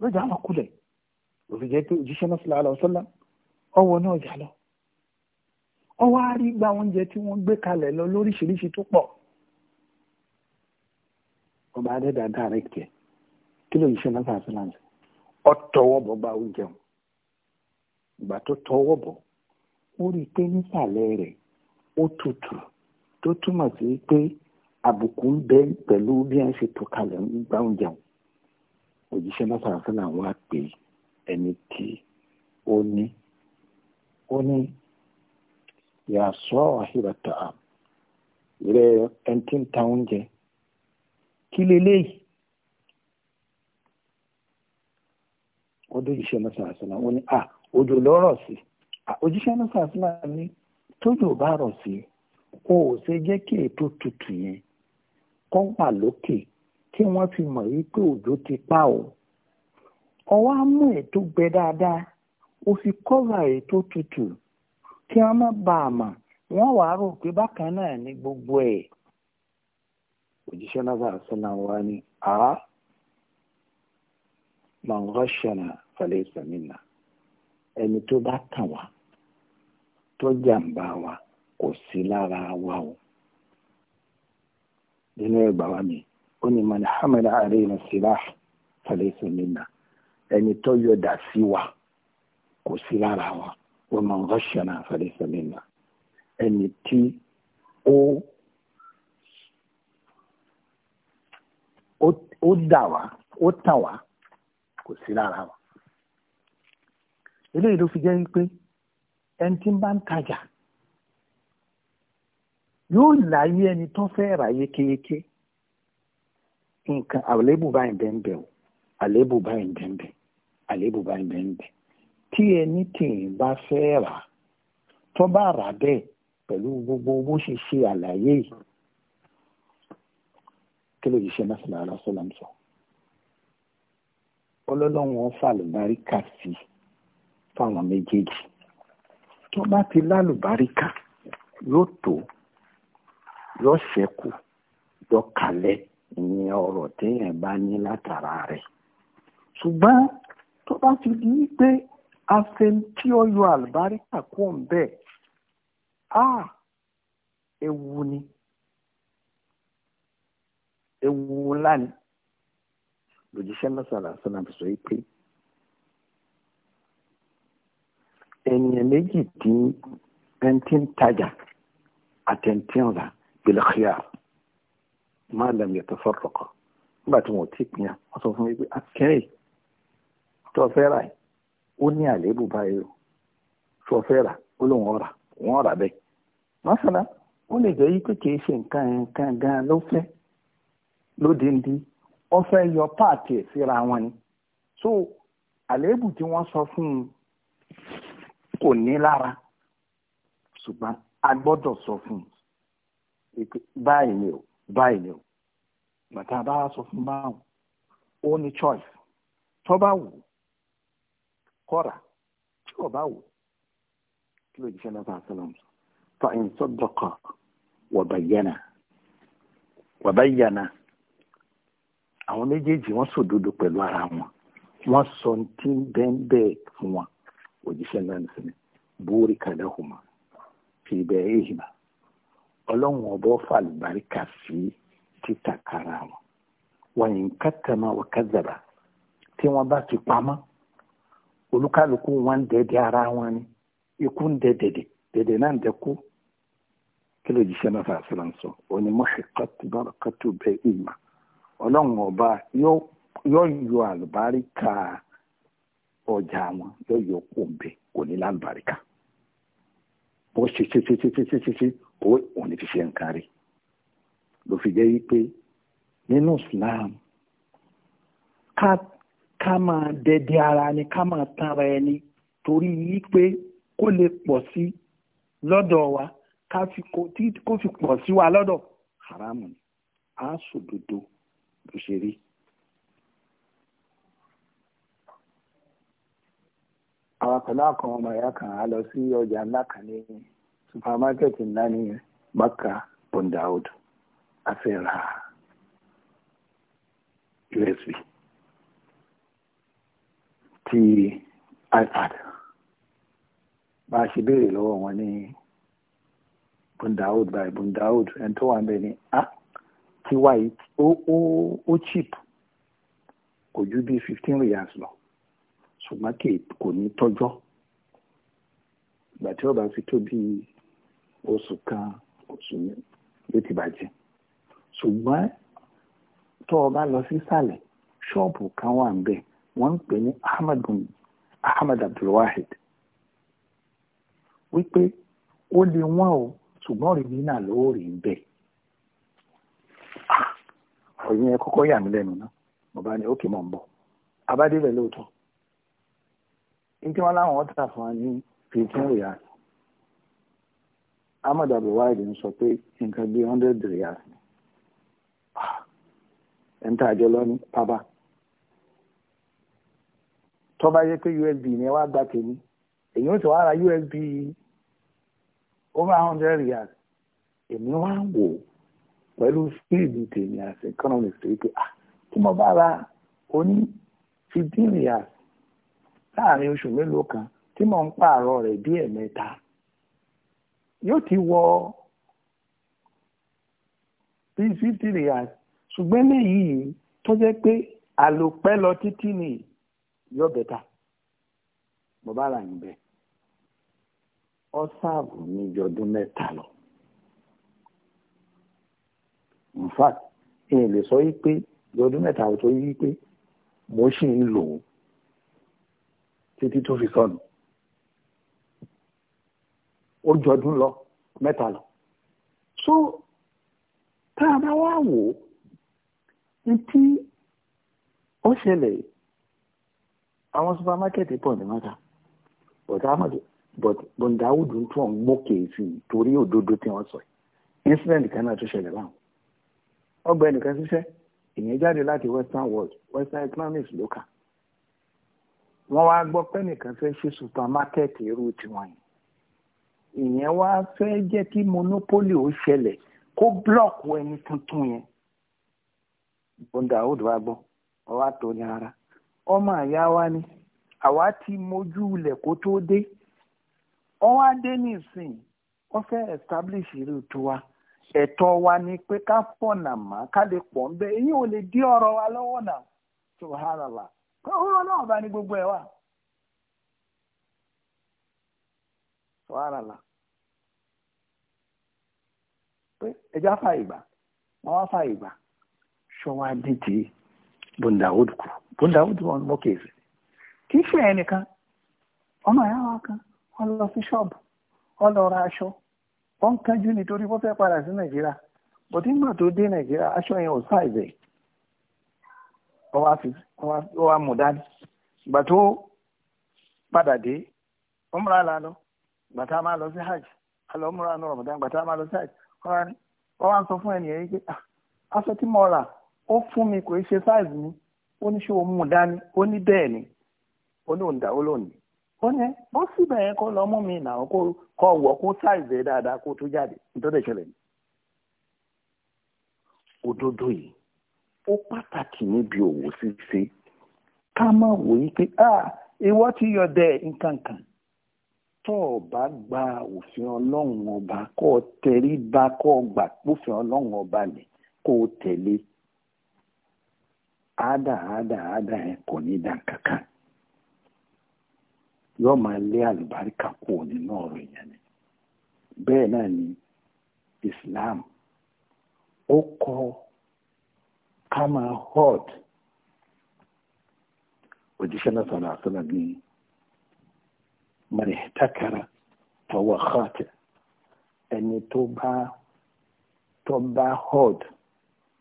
ló já wọn kulẹ̀ òfìjẹ́ pé òjíṣẹ́ náà sallallahu alaihi wasallam ọwọ́ náà jà lọ ọwọ́ á rí gba oúnjẹ tí wọ́n gbé kalẹ̀ lọ lóríṣiríṣi tó pọ̀ ọba adẹ́dàá dàrẹ́kẹ̀ kí ló yìí ṣe náà sallallahu alaihi wasallam ọ̀tọ̀wọ́ oúnjẹ wọn ìgbà tó tọwọ́ bọ̀ ó rí i pé nísàlẹ̀ rẹ̀ ó tutù tó túmọ̀ sí pé àbùkù ń bẹ pẹ̀lú bí wọ́n ṣe tó kalẹ̀ ń gbá oúnjẹ wọn òjíṣẹ́ lọ́sàrán fún àwọn àpè ẹni tí ó ní ó ní yà sọ àhìbàtà rẹ ẹni ń ta oúnjẹ kí leléyìí ọdún òjíṣẹ́ lọ́sàrán fún àwọn ní à. Ah, òjò lọ́rọ̀ sí òjíṣẹ́ náà sàṣìmá ní tójò bá rọ̀ sí o ò ṣe jẹ́ kí ètò tutù yẹn lókè kí wọ́n fi mọ̀ òjò ti pa o ọwọ́ á mú ètò gbẹ o fi kọ́ra ètò tutù kí wọ́n má ba àmà wà á rò pé bákan náà ní gbogbo ẹ̀ òjíṣẹ́ náà ní ẹni tó bá tàn wá tó jàǹbá wa kò sí lára wa o nínú ẹgbà wa mi ó ní mọ ní hamala àríyìn sílá fàlẹsẹ nínà ẹni tó yọdà sí wa kò sí lára wa wọn máa ń rọṣẹnà fàlẹsẹ nínà ẹni tí ó ó dà wá ó tàn wá kò sí lára wa. eléyìí ló fi jẹ́ pé ẹni tí ń bá ń tajà yóò láyé ẹni tó fẹ́ rà yékéyéké nǹkan àlébù báyìí bẹ́ẹ̀ bẹ́ẹ̀ o àlébù báyìí bẹ́ẹ̀ bẹ́ẹ̀ àlébù báyìí bẹ́ẹ̀ bẹ́ẹ̀ tí ẹni tì í bá fẹ́ rà tó bá rà bẹ́ẹ̀ pẹ̀lú gbogbo bó ṣe ṣe àlàyé yìí kí ló yìí ṣe náà sọ̀rọ̀ àlọ́ sọ́lá ń sọ ọlọ́lọ́wọ́n fàlùbáríkà sí i fáwọn méjèèjì tó bá ti lálùbáríkà yóò tó yóò ṣẹ́kù yóò kalẹ̀ ìyẹn ọ̀rọ̀ téèyàn bá ní látara rẹ̀ ṣùgbọ́n tó bá ti di pé afẹ́n tí àlùbáríkà kó ń bẹ́ẹ̀ á ewu ni ewu ńlá ni lòjíṣẹ́ lọ́sàlà sọ́nà fi pé ènìyàn méjì tí ẹni tí ń tajà àti ẹni tí ń rà bẹ̀lẹ̀ xíyà máa lẹ́nu yàtọ̀ fọ́rọ̀ kọ́ nígbà tí wọ́n ti pìyàn wọ́n sọ fún mi pé akẹ́rẹ́ tó o fẹ́ rà yìí ó ní àléébù báyìí o tó o ó lóun ọ̀rà wọ́n rà bẹ́ẹ̀. mọ́sálà ó lè jẹ́ yípe kì í ṣe nǹkan nǹkan gan ló fẹ́ lódindi ó fẹ́ yọ páàtì ẹ̀ síra wọn ni so àléébù tí wọ́n sọ fún un kò ní lára ṣùgbọ́n a gbọ́dọ̀ sọ fún un báyìí ni o báyìí ni o bàtà bá sọ fún báwọn ó ní choice tó bá wù kọ́ra tí ò bá wù kí ló jíṣẹ́ lọ́sàn àṣàlọ́m fa in sadaqa wa bayyana wa bayyana àwọn méjèèjì wọ́n sòdodo pẹ̀lú ara wọn wọ́n sọ tí ń bẹ́ẹ̀ bẹ́ẹ̀ fún wọn. òjíṣẹ́ náà nìsinmi bórí kàdáhùmá fi bẹ́ẹ̀ èhìmá ọlọ́run ọbọ̀ fàlùbáríkà fi títà kára wọn wọ́n yìí ma wọ́n kàzàbà tí wọ́n bá ti pamọ́ olúkálùkù wọn dẹ́dẹ́ ara wọn ni ikú ń dẹ́ dẹ̀dẹ̀ náà ń dẹ́ kú kí ló jíṣẹ́ náà fàṣẹlẹ̀ ń sọ òní bẹ́ẹ̀ ọlọ́run ọba yóò yọ àlùbáríkà. ọjà wọn yóò yọ kó nbẹ kò ní lálùbáríkà bó ṣe ṣe ṣe ṣe ṣe ṣe ṣe ṣe owó òun ní fi ṣe nǹkan rí ló fi jẹ́ wípé nínú Islam ká ká máa dẹdẹ ara ni ká máa tanra ẹni torí wípé kó lè pọ̀ sí lọ́dọ̀ wa ká fi kó fi pọ̀ sí wa lọ́dọ̀ haramu ni a sòdodo bó ṣe rí. àwọn pẹ̀lú àkàn ọmọ ìyá kan á lọ sí ọjà ńlá kan ní supamakẹ́ẹ̀tì ńlá ní Maka bondaud afẹ́ra USB ti iPad bá a ṣe béèrè lọ́wọ́ wọn ní bondaud by bondaud ẹni tó wà ń bẹ ní ah tiwa yìí ó ó ó cheap kò ju bí fifteen riyals lọ. ṣùgbọ́n kò ní tọjọ ìgbà tí ọba fi tó bí oṣù kan oṣù ló ti bàjẹ́ ṣùgbọ́n tó o bá lọ sísàlẹ̀ ṣọ́ọ̀bù kan wà ń bẹ̀ wọ́n ń pè ní Ahmad Abdulwahid wípé ó lè wọ́n o ṣùgbọ́n ń ẹ ah! yà mí náà mo bá ní ókè ní tí wọ́n láwọn ọ̀tà fún wa ní fifteen riyal ahmed abdulwaid ń sọ pé nǹkan bíi hundred riyal ẹ̀ ń tà àjọ lọ́ní pábà tó yẹ pé usb ni ẹ wá gbà tèmi èyí ó ti wá ra usb over hundred riyal èmi wá ń wò pẹ̀lú speed tèmi àti economics tó pé ah tí mo bá ra oní fifteen riyal. láàrin oṣù mélòó kan tí mò ń pààrọ̀ rẹ̀ bí ẹ̀mẹ́ta yóò ti wọ bí fifty riyal ṣùgbọ́n léyìí tó jẹ́ pé àlòpẹ́ lọ títí ni yóò bẹ̀ta bàbá rà yín ni mẹ́ta lọ in fact èèyàn lè sọ yí pé mẹ́ta ò pé mo ṣì ń lò títí tó fi sọnù ó jọdún lọ mẹ́ta lọ so tá a bá wá wò ó ní tí ó ṣẹlẹ̀ àwọn supamákẹ́tì pọ̀ ní mọ́ta bọ̀dá amadu bọ̀ndáwùdù tó ń gbókè sí i torí òdodo tí wọ́n sọ incident kan náà tó ṣẹlẹ̀ báwọn ọgbà ẹnìkan ṣiṣẹ́ ìyẹn jáde láti western world western economics ló kà wọ́n wá gbọ́ pé nìkan fẹ́ ṣe supermarketi irú tiwọn yìí ìyẹn wá fẹ́ jẹ́ kí monopoly ó ṣẹlẹ̀ kó blọọkù ẹni tuntun yẹn bondahood wa gbọ́ ọwọ́ àtò ní ara ọmọ àyà wa ni àwa ti mójú ilẹ̀ kó tó dé ọwọ́ adé nìsín wọ́n fẹ́ establish irú tiwa ẹ̀tọ́ wa ni pé ká fọ̀nà mà ká lè pọ̀ ń bẹ́ èyí ò lè dí ọ̀rọ̀ wa lọ́wọ́ náà subhanallah. ọ̀hún ọlọ́run bá ní gbogbo ẹ̀ wà. ẹja fa ìgbà wọ́n wá fa ìgbà ṣọwọ́ adíje bondawud kù wọn kì í ṣe ẹnìkan ọmọ ìyá wa kan wọ́n lọ sí ṣọ́ọ̀bù wọ́n lọ ra aṣọ wọ́n nítorí wọ́n padà sí nàìjíríà tó dé nàìjíríà ó wá mú dání ìgbà tó padà dé umra la lọ ìgbà tá a máa lọ sí hajj a lọ umra ní Ramadan ìgbà tá a máa lọ sí hajj wọ́n wá ń sọ fún ẹnìyẹn yìí pé ah, aṣọ tí mo rà ó fún mi kò í ṣe size mi ó ní ṣé o mú dání ó ní bẹ́ẹ̀ ni ó ní òǹdà ó lónìí ó ní bó síbẹ̀ yẹn kó lọ mú mi nà ó kó wọ̀ kó size ẹ̀ dáadáa kó tó jáde nítorí ìṣẹ̀lẹ̀ ni òdodo yìí ó pàtàkì níbi òwò ṣíṣe ká má wò yí pé ah ìwọ ti yọdẹ tó gba òfin ọlọ́run ọba kó o tẹrí ba ọlọ́run ọba lè kó o tẹ̀lé ada ada àádà yẹn kò ní kankan lé àlùbáríkà kúrò yẹn bẹ́ẹ̀ náà ni Islam ó kọ́ ká máa hot òjíṣẹ́ náà sọ̀rọ̀ àsọ̀nà ní mọ̀rẹ̀ takara tọwọ́ hot ẹni tó bá tó bá hot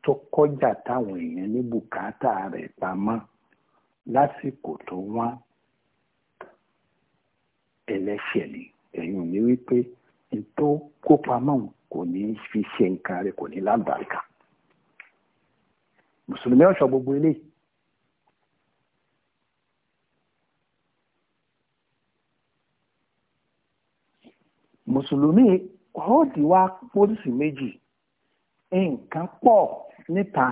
tó kọjá táwọn èèyàn ní bùkátà rẹ̀ pamọ́ lásìkò tó wọ́n ẹlẹ́ṣẹ̀ ni ẹ̀yìn ò ní wípé tó kó kò ní fi ṣe nǹkan rẹ̀ kò ní lábàríkà mùsùlùmí ọ̀ṣọ́ gbogbo eléyìí mùsùlùmí ọ̀ọ́dì wa pólísì méjì nǹkan pọ̀ níta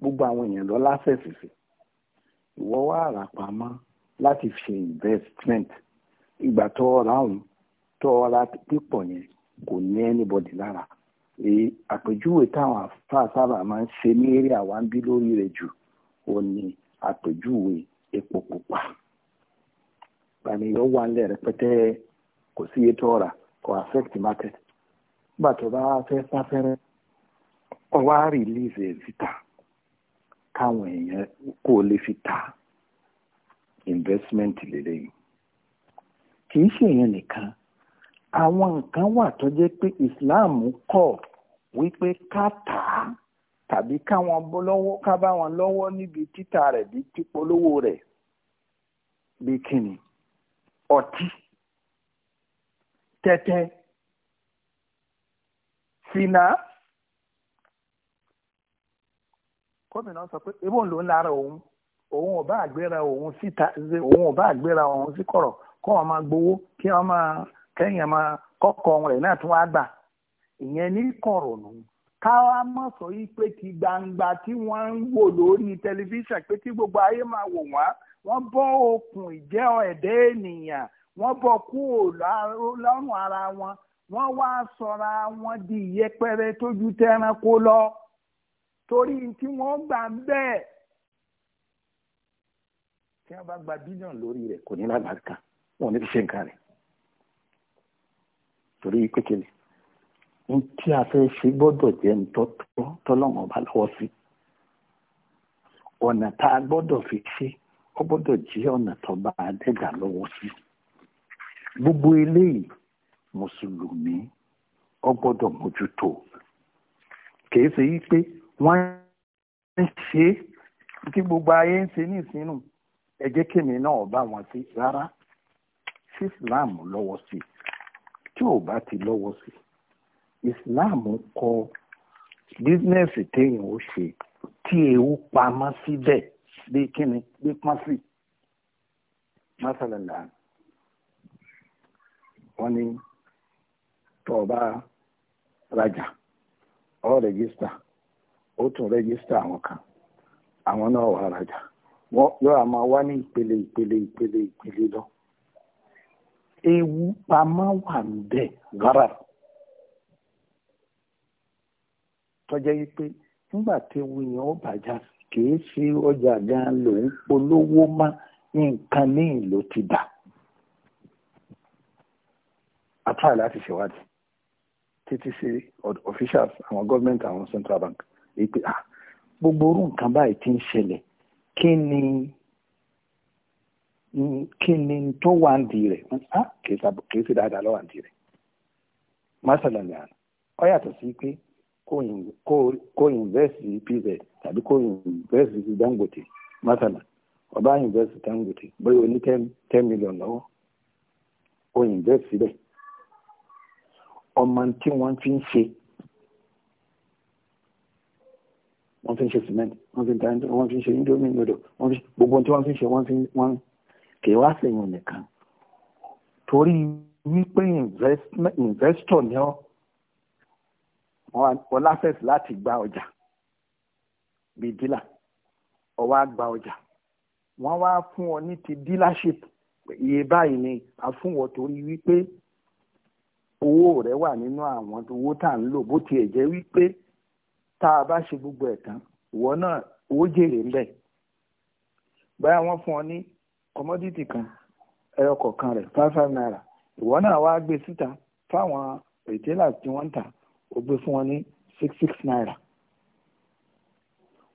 gbogbo àwọn èèyàn lọ lásẹ̀sì sí ìwọ wá láti ṣe investment ìgbà tó ọ̀rá òun tó ọ̀rá pípọ̀ yẹn kò ní anybody lára àpèjúwe táwọn àfáà sábà máa ń ṣe ní eré àwa ń bí lórí rẹ̀ jù ó ní àpèjúwe epo pupa bani yóò wà nílẹ̀ rẹpẹtẹ kò sí ètò ọ̀rà kò affect market nígbà tó bá fẹ́ sáfẹ́rẹ́ ọ release ẹ̀ káwọn èèyàn kó o lè fi ta investment lélẹ́yìn kì í ṣe àwọn nǹkan wà tó jẹ́ pé Islam kọ̀ wípé ká tà á tàbí káwọn lọ́wọ́ ká bá wọn lọ́wọ́ níbi títà rẹ̀ bí pípolówó rẹ̀ bí kíni ọtí tẹ́tẹ́ sínà gómìnà sọ pé ebó ń lò ń lára òun òun ò bá àgbéra òun síta òun ò bá àgbéra òun sí kó wọn máa gbowó kí wọn máa kẹ́yìn máa kọ́kọ́ rẹ̀ náà tún wá gbà ìyẹn ní kọ̀rọ̀ nù káwa mọ̀ sọ ti gbangba tí wọ́n ń wò lórí tẹlifíṣàn pé tí gbogbo ayé máa wò wọ́n wọ́n bọ́ okùn ìjẹ́ ẹ̀dẹ́ ènìyàn wọ́n bọ̀ lọ́rùn ara wọn wọ́n wá wọn di ìyẹpẹrẹ tójú tẹranko lọ torí tí wọ́n gbà bẹ́ẹ̀ tí wọ́n bá torí kékeré ní tí a fẹ́ ṣe gbọ́dọ̀ jẹ́ ntọ́tọ́ tọ́lọ́wọ́n bá lọ́wọ́ sí ọ̀nà tá a gbọ́dọ̀ fi ṣe ó gbọ́dọ̀ jẹ́ ọ̀nà tó bá a dẹ́gà lọ́wọ́ sí gbogbo eléyìí mùsùlùmí ó gbọ́dọ̀ mójútó kìí ṣe yí pé wọ́n ń ṣe kí gbogbo ayé ń ṣe ní ìsinú ẹ jẹ́ kémi náà bá wọn sí rárá sí Islam lọ́wọ́ sí i tí ò bá ti lọ́wọ́ sí Islam kọ bísínẹ́sì téèyàn ó ṣe tí ewu pamọ́ síbẹ̀ bí kíni bí pọ́n sí masalala wọ́n ní tó bá rajà ó rẹ́gísítà ó tún rẹ́gísítà àwọn kan àwọn náà wà rajà wọ́n yóò máa wá ní ìpele ìpele ìpele ìpele lọ ewu pamọ́ wà ń bẹ̀ rárá tọ́jẹ́ yí pé nígbà tí ewu yẹn ó bàjá kìí ṣe ọjà gan lòún polówó má nǹkan míì ló ti dà àtúrà láti ṣèwádìí títí sí officials àwọn government àwọn central bank wípé ah gbogbo orú nǹkan báyìí ti ń ṣẹlẹ̀ kí ni kí ni tó wà ń di rẹ̀ wọ́n á kìí ṣe dáadáa lọ́wọ́ à ń di rẹ̀ masalan yàrá ọ yàtọ̀ sí pé kó invest pz tàbí kó invest dangote masalan ọba invest dangote bóyá o ní ten million lọ́wọ́ o invest síbẹ̀ ọmọ tí wọ́n fi ń ṣe wọ́n fi ń ṣe cement wọ́n fi ń ṣe indomie noodle wọ́n fi gbogbo tí wọ́n fi ń ṣe wọ́n fi ń kì í wá sèyàn nìkan torí wípé investor ni ọ wọn láfẹsí láti gba ọjà bíi dílà ọwọ́ àgbà ọjà wọ́n wá fún ọ ní ti dílàṣìp iye báyìí ni a fún ọ torí wípé owó rẹ wà nínú àwọn owó tá à ń lò bó tiẹ̀ jẹ́ wípé tá a bá ṣe gbogbo ẹ̀ tán ìwọ náà owó jèrè ń bẹ̀ báyà wọ́n fún ọ ní commodity kan ẹyọ kọ̀ọ̀kan rẹ̀ five five naira ìwọ náà wá gbé síta fáwọn retailers tí wọ́n ń tà ó gbé fún wọn ní six six naira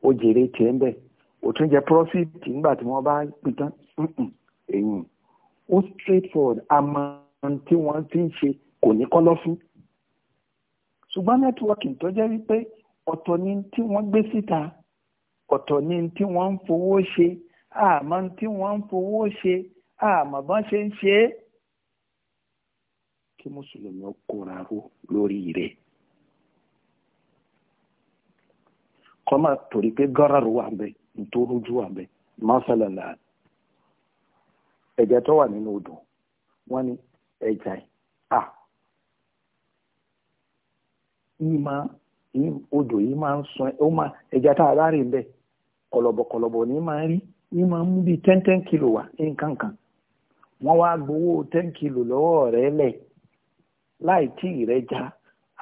ó jèrè tiẹ̀ ń bẹ̀ ó tún jẹ profit nígbà tí wọ́n bá pin tán èyàn ó straight forward àmọ́ tí wọ́n ti ń ṣe kò ní kọ́ lọ́fún ṣùgbọ́n networking tó jẹ́ wípé ọ̀tọ̀ ni tí wọ́n gbé síta ọ̀tọ̀ ni tí wọ́n ń fowó ṣe àmọ́ tí wọ́n ń fowó ṣe àmọ́ bọ́n ṣe ń ṣe é. kí mùsùlùmí ó kóra ró lórí rẹ̀ kọ́ máa torí pé gọ́rọ̀rù wà bẹ́ẹ̀ ntòrójú wà bẹ́ẹ̀ mọ́sálàlá ẹ̀jẹ̀ tó wà nínú odò wọ́n ní ẹ̀jẹ̀ à ìmọ̀ odò yìí máa ń sun ẹja tá a bá rìn bẹ́ẹ̀ ní máa ní máa mú bíi ten ten kilo wá nǹkan kan wọ́n wá gbowó ten kilo lọ́wọ́ rẹ̀ lẹ̀ láì tí rẹ̀ já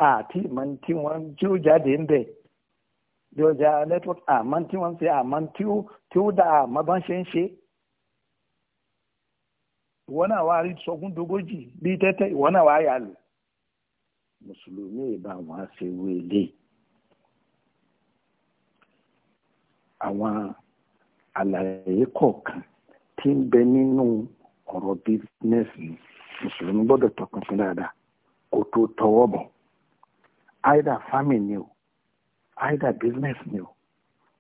àti ìmọ̀ tí wọ́n tí ó jáde ń bẹ̀ bí network àmọ́ tí wọ́n ń ṣe àmọ́ tí ó tí ó dá àmọ́ bá ń ṣe ń ṣe ìwọ náà wá rí sọgún dogójì bíi tẹ́tẹ́ ìwọ náà wá yà lò mùsùlùmí ìbá wọn ṣe wọlé àwọn. àlàyé kọ̀ọ̀kan tí ń bẹ nínú ọ̀rọ̀ bísínẹ́sì ni mùsùlùmí gbọ́dọ̀ tọpinpin dáadáa kó tó tọwọ́ bọ̀ áìdà fami ni o áìdà business ni o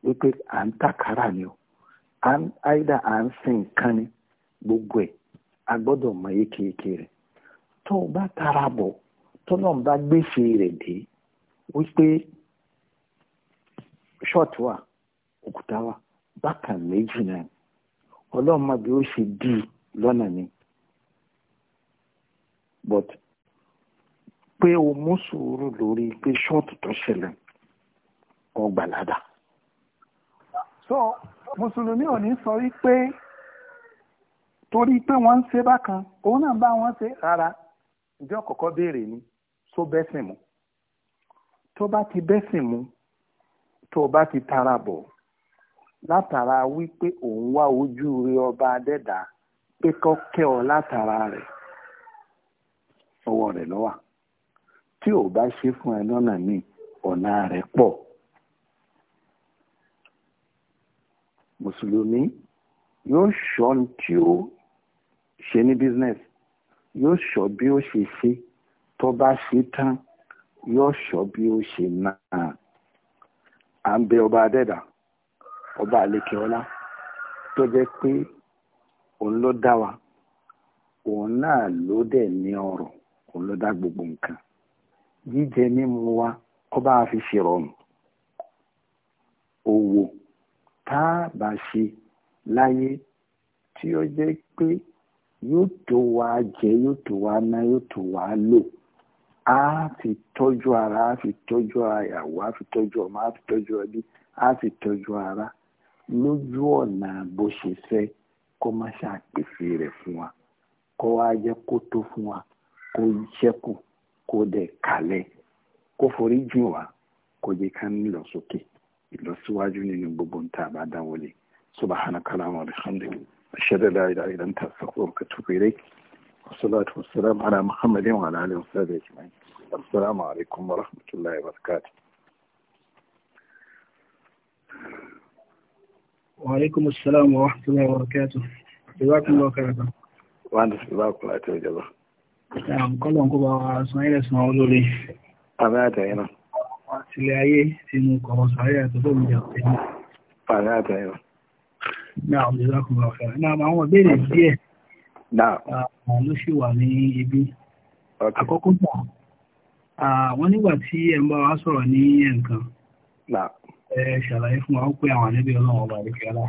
wípé à ń takara ni o áìdà à ń sin nǹkan gbogbo ẹ̀ a gbọ́dọ̀ mọ yékéyéké rẹ̀ tó o bá tara bọ̀ tó náà bá gbèsè rẹ̀ dé wípé ṣọ́ọ̀tì wà bákan méjì náà ọlọ́run mọ̀ bí ó ṣe dí lọ́nà ni but pé o mú sùúrù lórí pé ṣọ́ọ̀tù tó ṣẹlẹ̀ ọgbà ládàá. so mùsùlùmí ò ní sọ wípé torí pé wọ́n ń ṣe bákan òun náà bá wọn ṣe rárá ìjọ kọ̀ọ̀kan béèrè ni tó bẹ́sìn mu tó bá ti bẹ́sìn mu tó bá ti tara bọ̀ látara wípé òun wá ojú rí ọba adẹ́dà pé kọ́ kẹ́ ọ látara rẹ̀ ọwọ́ rẹ̀ lọ́wà tí ò bá ṣe fún ẹ lọ́nà míì ọ̀nà rẹ̀ pọ̀ mùsùlùmí yóò ṣọ́ tí ó ṣe ní business yóò ṣọ́ bí ó ṣe ṣe tó bá ṣe tán yóò ṣọ́ bí ó ṣe náà à ń bẹ ọba adẹ́dà ọba àlekè ọlá tó jẹ́ pé òun ló dá wa òun náà ló dẹ̀ ní ọrọ̀ òun ló dá gbogbo nǹkan jíjẹ mímu wa ọba àfi ṣe rọrùn òwò tá a bá ṣe láyé tí ó jẹ́ pé yóò tó wa jẹ yóò tó wa ná yóò tó wa lò a fi tọ́jú ara a fi tọ́jú ìyàwó a fi tọ́jú ọmọ a fi tọ́jú ẹbí a fi tọ́jú ara lójú ọ̀nà bó ṣe fẹ́ kó má ṣàpèsè rẹ̀ fún wa kó wá jẹ́ kó tó fún wa kó ṣẹ́kù kó dẹ̀ kalẹ̀ kó forí jìn wá kó jẹ́ ká ní ìlọsókè ìlọsíwájú nínú gbogbo nta bá dáwọlé subhanaka wa bihamdika ashhadu an la ilaha illa anta astaghfiruka wa atubu ilayk والصلاة والسلام على محمد وعلى آله وصحبه أجمعين السلام عليكم ورحمة wa السلام ورحمة الله وبركاته جزاكم الله خيرا وأنت جزاكم الله خيرا جزاكم kọ́lọ̀n kó bá wa san ilẹ̀ san olóore àmì àtẹ̀yìnà àtìlẹ̀ ayé sínú kọ̀rọ̀ sàárẹ̀ àtọ́fẹ́ mi jà pẹ̀lú àmì àtẹ̀yìnà náà ọmọdé lákùnrin ọ̀fẹ́ náà àwọn ìbéèrè díẹ̀ náà ló sì wà ní ibi àkọ́kọ́ pọ̀ wọ́n nígbà tí ẹ̀ ń bá wa sọ̀rọ̀ ní ẹ̀ǹkan ẹ ṣàlàyé fún wa ó pé àwọn àníbí ọlọ́run ọba àdékẹ́ ọlá.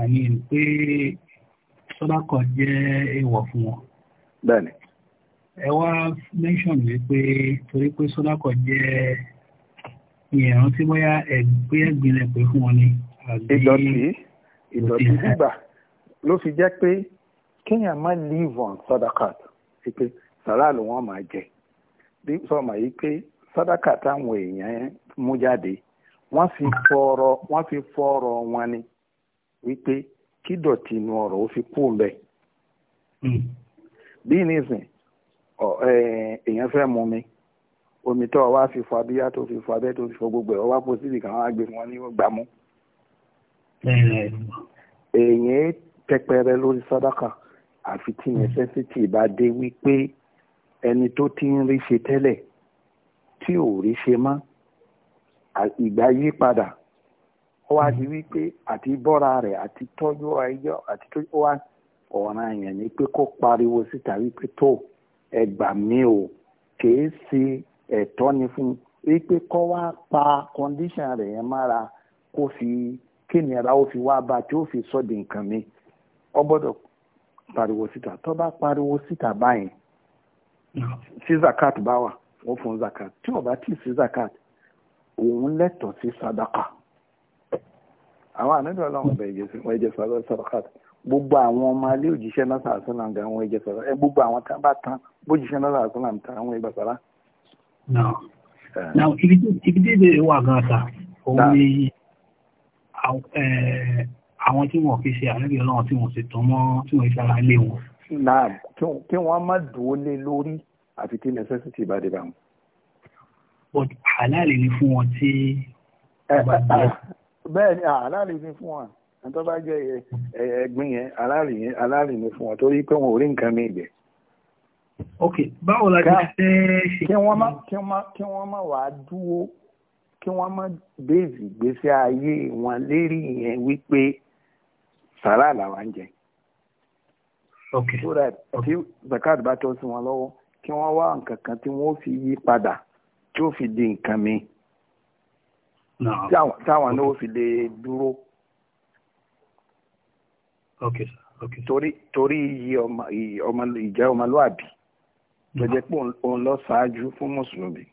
àní pé sọ́dákọ̀ jẹ́ èèwọ̀ fún wọn. bẹ́ẹ̀ni. ẹ wá mẹ́ṣọ̀n wípé torí pé sọ́dákọ̀ jẹ́ ìyẹ̀rán tí bóyá ẹgbẹ́ ẹgbìnlẹ̀ pé fún wọn ni. ìdọ̀tí ìdọ̀tí gbígbà ló fi jẹ́ pé kéèyàn má live on sadakat pé sàrà ló wọ́n máa jẹ bí sọ ma yìí pé sádàkà táwọn èèyàn mú jáde wọ́n fi fọ̀rọ̀ wọ́n fi fọ̀rọ̀ wọn ni wípé kí dọ̀tí inú ọ̀rọ̀ ó fi kú mbẹ́. Hmm. bí nísìn èèyàn fẹ́ mú mi omi tó wá fi fọ abíyá tó fi fọ abẹ́ tó fi fọ gbogbo ẹ̀ wá pọ̀ síbi kan wá gbé fún wọn ní gbàmú. èèyàn tẹpẹrẹ lórí sádàkà àfi tí necessity bá dé wípé ẹni tó ti ń rí ṣe tẹ́lẹ̀ tí ò rí ṣe mọ́ ìgbà yí padà ó wá di wípé àti bọ́ra rẹ̀ àti tọ́jú ẹjọ́ àti tọ́jú wa ọ̀ràn èèyàn ni pé kó pariwo síta wípé tó ẹ gbà mí o ṣe ẹ̀tọ́ ni fún wípé kọ́ wá pa kọ́ndíṣàn rẹ̀ yẹn mára kó fi kí nira ó fi wá bá tí ó fi sọ di nǹkan mi ọ gbọ́dọ̀ pariwo síta tó bá pariwo síta báyìí sí zakat bá wà wọ́n fún zakat tí wọ́n bá tì sí zakat òun lẹ́tọ̀ọ́ sí sadaka àwọn àníbi ọlọ́run ọbẹ̀ ìjẹsìn wọ́n jẹ sadaka gbogbo àwọn ọmọ alẹ́ òjíṣẹ́ náà sàásùnà gan wọ́n jẹ sadaka ẹ gbogbo àwọn tá bá tán bójíṣẹ́ náà sàásùnà tán àwọn ìgbà sára. now ibi tí ìbéèrè wà gan ta òun ni àwọn tí wọn kì í ṣe àníbi ọlọ́run tí wọn sì tán mọ́ tí wọn ìfara lé wọn. náà kí wọ́n má dùn ó lé lórí àfi tí necessity bá dé bá wọn. but halali ni fún wọn tí. Eh, eh, eh, bẹ́ẹ̀ ni ah, halali ni fún wọn àtọ́ bá jẹ́ ẹ̀gbin yẹn halali yẹn halali ni fún wọn torí pé wọn ò rí nǹkan mi jẹ. ok báwo la ti fẹ́ ṣe. kí wọ́n má kí wọ́n má kí wọ́n má wàá dúró kí wọ́n má bèèzì gbèsè ayé wọn lérí yẹn wípé sàrà làwọn ń jẹ. ok so that tí zakat bá tọ́ sí wọn lọ́wọ́ kí wọ́n wá nǹkan kan tí wọ́n fi yí padà tí ó fi di nǹkan mi táwọn náà ó fi lè dúró. Okay, okay. torí torí iye ọmọ ìjẹ́ ọmọlúàbí tó jẹ́ pé òun lọ ṣáájú fún mùsùlùmí.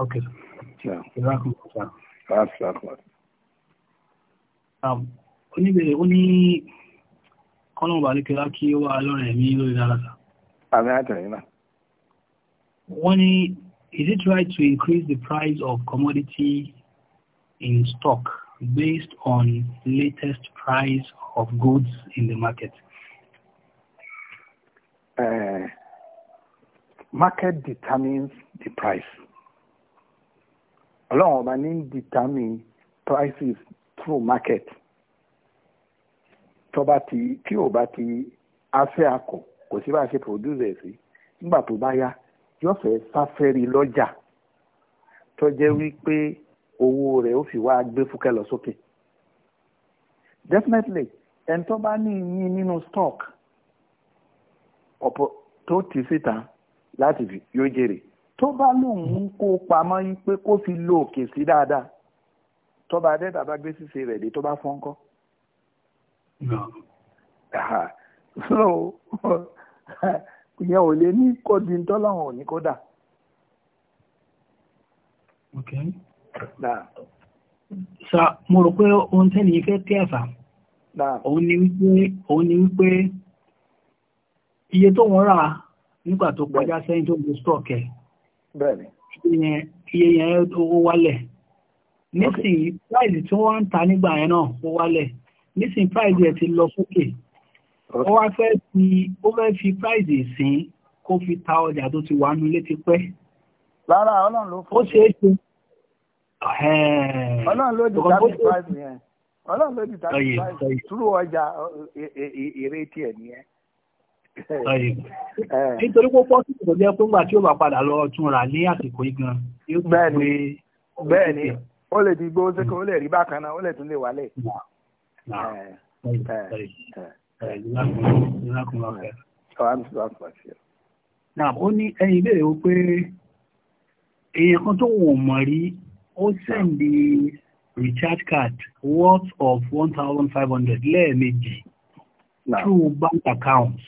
Okay. Yeah. Oníbèrè ó ní kọ́nà ọba àríkẹ́lá kí ó wà lọ́rẹ̀ mi lórí dára sáà àmì àtẹ̀yìn náà. wọ́n ní is it right to increase the price of commodity in stock based on latest price of goods in the market? Uh, market determines the price. Ọlọ́run ọba ní determine prices through market. Tọ́ba ti tí ò bá ti afẹ́ akọ̀ kò sí bá a ṣe produce ẹ̀ sí nígbà tó bá yá yóò fẹ́ sáfẹ́rí lọ́jà tó jẹ́ hmm. wípé owó rẹ̀ ó fi wá gbé fúkẹ́ lọ sókè definitely ẹni tó bá ní yín nínú stock ọ̀pọ̀ tó ti síta láti fi yóò jèrè tó bá lòun kó pamọ́ yí pé kó fi lo òkè sí dáadáa tó bá dẹ́ta bá gbé ṣíṣe rẹ̀ dé tó bá fọ́nkọ́. so ìyẹn ò lè ní kó di ntọ́ láwọn kó dà. mo rò pé ohun tẹ́lẹ̀ yìí fẹ́ tẹ́ ẹ̀fà òun ni wípé iye tó wọ́n rà nígbà tó kọjá sẹ́yìn tó stock ẹ̀ iye yẹn owó wálẹ̀ nísìnyí price tí wọ́n ń ta nígbà yẹn náà wálẹ̀ nísìnyí price yẹn ti lọ sókè. Okay wọ́n wá fẹ́ fi ó fẹ́ fi price ìsìn kó fi ta ọjà tó ti wà nú ilé ti pẹ́. lára ọlọ́run ló fún un. ó ṣeé ṣe. ọlọ́run ló di tábìlì price yẹn ọlọ́run ló di tábìlì price túrú ọjà èrè tiẹ̀ nìyẹn. nítorí pé pọ́sì kò jẹ́ pé ńgbà tí ó bá padà lọ tún rà ní àsìkò yìí gan. bẹ́ẹ̀ni bẹ́ẹ̀ni ó lè di gbó mm. ó lè rí bákan náà ó lè tún lè wálẹ̀ ó ní ẹ̀yin ìbéèrè ó pé èèyàn kan tó wọ̀n mọ̀ rí ó sẹ́ndì recharge card worth of one thousand five hundred lẹ́ẹ̀mejì through bank account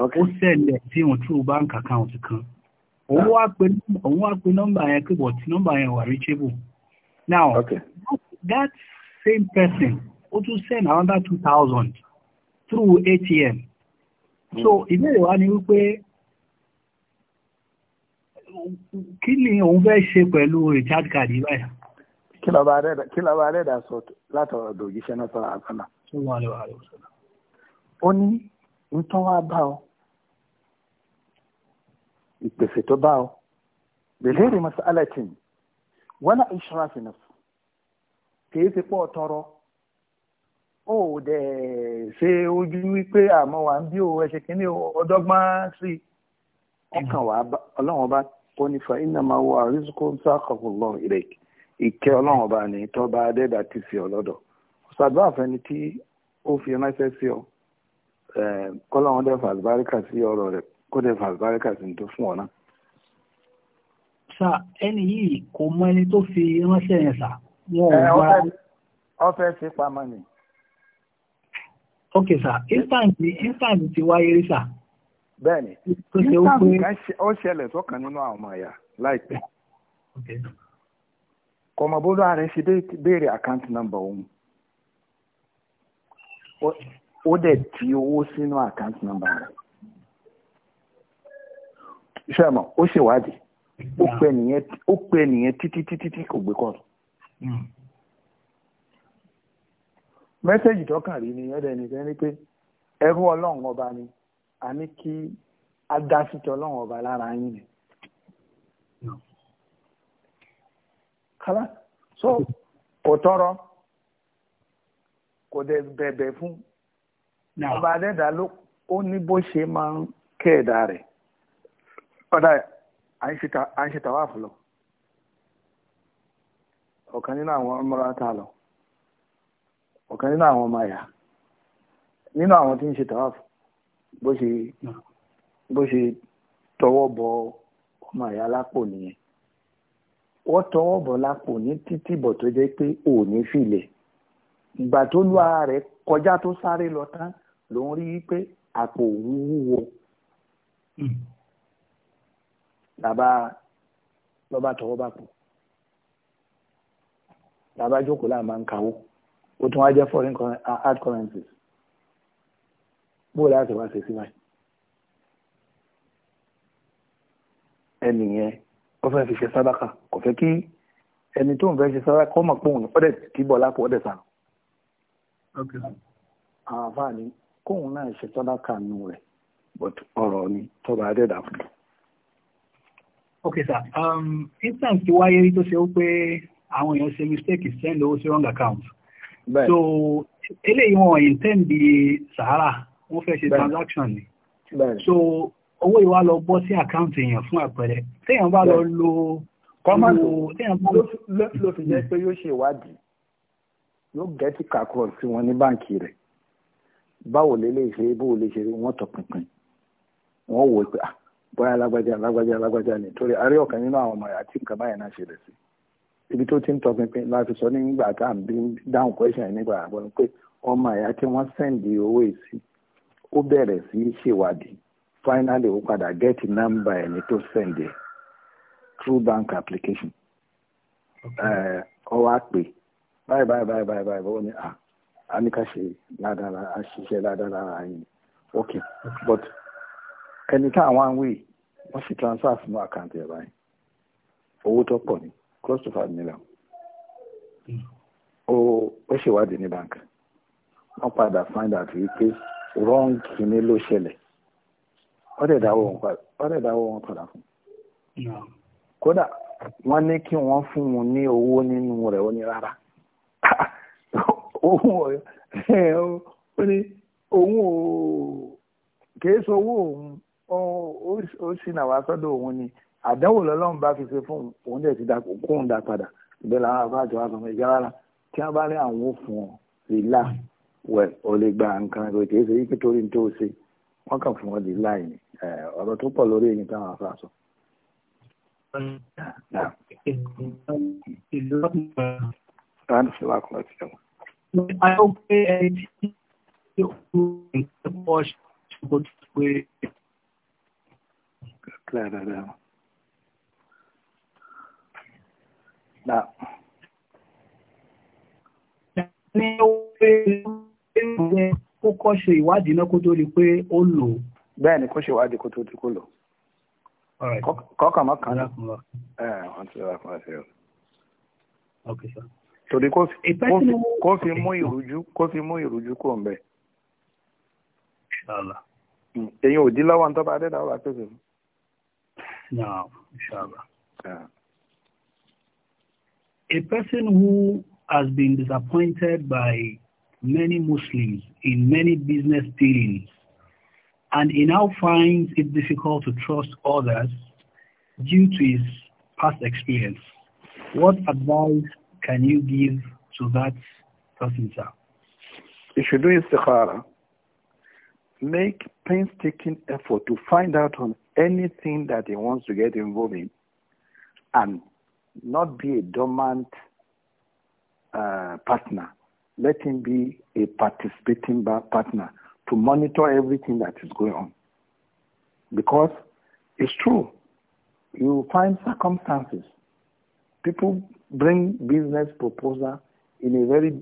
ó sẹ́ndì sí wọn through bank account kan òun wá pe nọ́mbà yẹn pé but nọ́mbà yẹn wà reachable now that, same person ó tún send another two thousand through ATM. Hmm. So ìbéèrè wa ni wípé kí ni òun fẹ́ ṣe pẹ̀lú recharge card yìí báyìí? Kí ló bá rẹ̀dà sọ látọ̀rọ̀ dòjíṣẹ́ náà sọ̀rọ̀ àtọ́nà? Ó ní ń tán wá bá ọ, ìpèsè tó bá ọ, bèlè rí masalatin, wọ́n náà ìṣúra fi nà kì í ti pọ̀ tọrọ ó dẹ̀ ṣe ojú wípé àmọ́ wà ń bí o ẹ ṣe kínní ọdọ́gbọ́n sí i ọkàn wà ọlọ́run ọba kò ní fa iná máa wọ àrísíkò ń sákòkò lọ ìrèk ìkẹ́ ọlọ́run ọba ní tọ́ba adẹ́dà ti fi ọ lọ́dọ̀ ṣàdúrà fẹni tí ó fi ránṣẹ́ sí ọ kọ́lọ́run dẹ̀ fàlùbáríkà sí ọ̀rọ̀ rẹ̀ kó dẹ̀ fàlùbáríkà sí ní tó fún ọ náà sá ẹni yìí kò mọ ẹni tó fi ránṣẹ́ yẹn sá. wọn ò máa. ọfẹ ṣe pamọ́ ni. ok sir instant instant ti wáyé rí sir. bẹ́ẹ̀ni instant kan ó ṣẹlẹ̀ sọ́kàn nínú àwọn ọmọ ẹ̀yà láìpẹ́ kọmọbólú ààrẹ ṣe béèrè àkáǹtì nọmba òun ó dẹ̀ ti owó sínú àkáǹtì nọ́mbà rẹ̀ ṣẹ́mọ̀ ó ṣèwádìí ó pẹ́ nìyẹn títí títí kò gbé kọ́ọ̀tù. mẹ́sẹ̀jì tọ́kàn rí ni ọ̀dọ̀ ẹnìkan ní pé ẹrú ọlọ́run ọba ni a ní kí adásítọ̀ ọlọ́run ọba lára yín ni. kálá so kò tọrọ kò ọba adẹ́dà ló ó ní bó ṣe máa ń kẹ́ ẹ̀dá rẹ̀ ọ̀dà à fún lọ ọ̀kan nínú àwọn ọ̀kan nínú àwọn ọmọ àyà nínú àwọn tí ń ṣe tàwáfù bó ṣe bó ṣe tọwọ́ bọ ọmọ àyà lápò nìyẹn wọ́n tọwọ́ bọ̀ lápò ní títí bọ̀ tó jẹ́ pé ò ní filẹ̀ ìgbà tó lu ara rẹ̀ kọjá tó sáré lọ tán ló ń rí pé àpò òun wúwo hmm. làbá lọ́ba tọwọ́ bàpò làbá jókòó láà ń kawó ó tún wá jẹ́ foreign hard currencies bó láti wá ṣe sí báyìí ẹnì yẹn ó fẹ́ fi ṣe sábàkà kò fẹ́ kí ẹni tó ń fẹ́ ṣe sábàkà kọ́ mọ̀ pé òun ọ̀dẹ̀ kì í bọ̀ lápò ọ̀dẹ̀ sànù. àwọn àfáàní kóun náà ṣe sábàkà nù rẹ̀ but ọ̀rọ̀ ni tọ́ba adẹ́dà fún un. ok sir um, instance ti wáyé rí tó ṣe ó pé àwọn èèyàn ṣe mistake send owó sí wrong account so eléyìí wọn intend bí sahara wọ́n fẹ́ ṣe transaction ni so owó ìwá lọ bọ́ sí àkáǹtì èèyàn fún àpẹẹrẹ téèyàn bá lọ lo kọ́mọ̀tò téèyàn bá lọ fi jẹ́ pé yóò ṣe ìwádìí yóò gẹ́tì kàkúrọ̀ sí wọn ní báǹkì rẹ̀ báwo lè lè ṣe báwo lè ṣe wọ́n tọpinpin wọ́n wò pé ah, bóyá alágbájá alágbájá alágbájá ni torí arí ọ̀kan nínú àwọn ọmọ àti nǹkan báyìí náà ṣe rẹ̀ sí i ibi tó ti ń tọpinpin láti sọ nígbà tá à ń bí dáhùn question nígbà àbọ̀ ni pé ọmọ àyà tí wọ́n sẹ́ǹdì owó èsì ó bẹ̀rẹ̀ sí í ṣèwádìí finally ó padà gẹ́ẹ̀tì nọ́mbà ẹni tó sẹ́ǹdì through bank application ọ wá pè báyìí báyìí báyìí báyìí báyìí ó ní à á ní ká ṣe ládàra á ṣiṣẹ́ ládàra ààyè ok but ẹni tá àwọn àwìn wọ́n sì transfer sínú àkáǹtì ẹ̀ báyìí owó tó pọ̀ ni close to five million ó ó ṣèwádìí ní bank wọ́n padà find out wípé wrong kìíní ló ṣẹlẹ̀ wọ́n dẹ̀ dáwọ́ wọn padà fún un kódà wọ́n ní kí wọ́n fún un ní owó nínú rẹ̀ ó ní rárá ó ní òun ò kìí sọ owó òun ó sì nà wá sọ́dọ̀ òun ni àdánwò lọ́lọ́run bá fi ṣe fún òun dẹ̀ ti kóun dá padà ìbẹ̀ làwọn afáàjọ wa sọ fún ìjà rárá tí wọ́n bá ní àwọn òfin ọ̀ lílà wẹ̀ ò lè gba nǹkan rẹ̀ kì í ṣe yípe torí tó ṣe wọ́n kàn fún ọ lílà yìí ọ̀rọ̀ tó pọ̀ lórí èyí táwọn afáà sọ. I hope that you will be able to do it. Glad I know. نعم ní ó kọ́ ṣe ìwádìí náà kó tó rí pé ó lò. bẹ́ẹ̀ ni kó ṣe ìwádìí kó tó rí kó lò. wọ́n ti rà fún ẹsẹ̀ rẹ̀. torí kó fi mú ìrújú kó fi mú ìrújú kò ń bẹ̀. Hmm, èyí ò dín lọ́wọ́ a person who has been disappointed by many Muslims in many business dealings, and he now finds it difficult to trust others due to his past experience. What advice can you give to that person, sir? You should do istikhara. Make painstaking effort to find out on anything that he wants to get involved in and not be a dormant uh, partner. Let him be a participating partner to monitor everything that is going on. Because it's true, you find circumstances. People bring business proposal in a very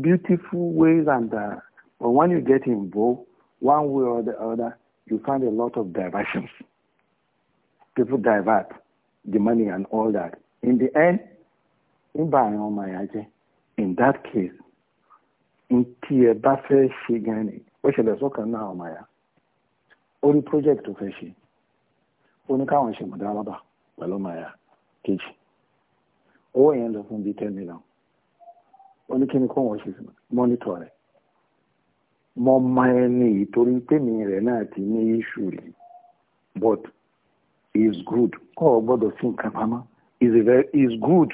beautiful ways, and uh, but when you get involved, one way or the other, you find a lot of diversions. People divert the money and all that. in the end nígbà àwọn ọmọ ẹ̀yà jẹ́ in that case n tí ẹ bá fẹ́ ṣe gan ni ó ṣẹlẹ̀ sọ́kàn náà ọmọ ẹ̀yà ó ní project tó fẹ́ ṣe ó ní káwọn ṣe mọ̀dálábà pẹ̀lú ọmọ ẹ̀yà kejì owó yẹn lọ fún bíi ten million ó ní kí ni kó wọn ṣe mọ́nítọ̀ rẹ̀ mo ma ẹni ìtorí tèmi rẹ̀ náà ti ní issue rí but is good kọ́ ọ gbọ́dọ̀ sí nǹkan pamọ́ is a very is good,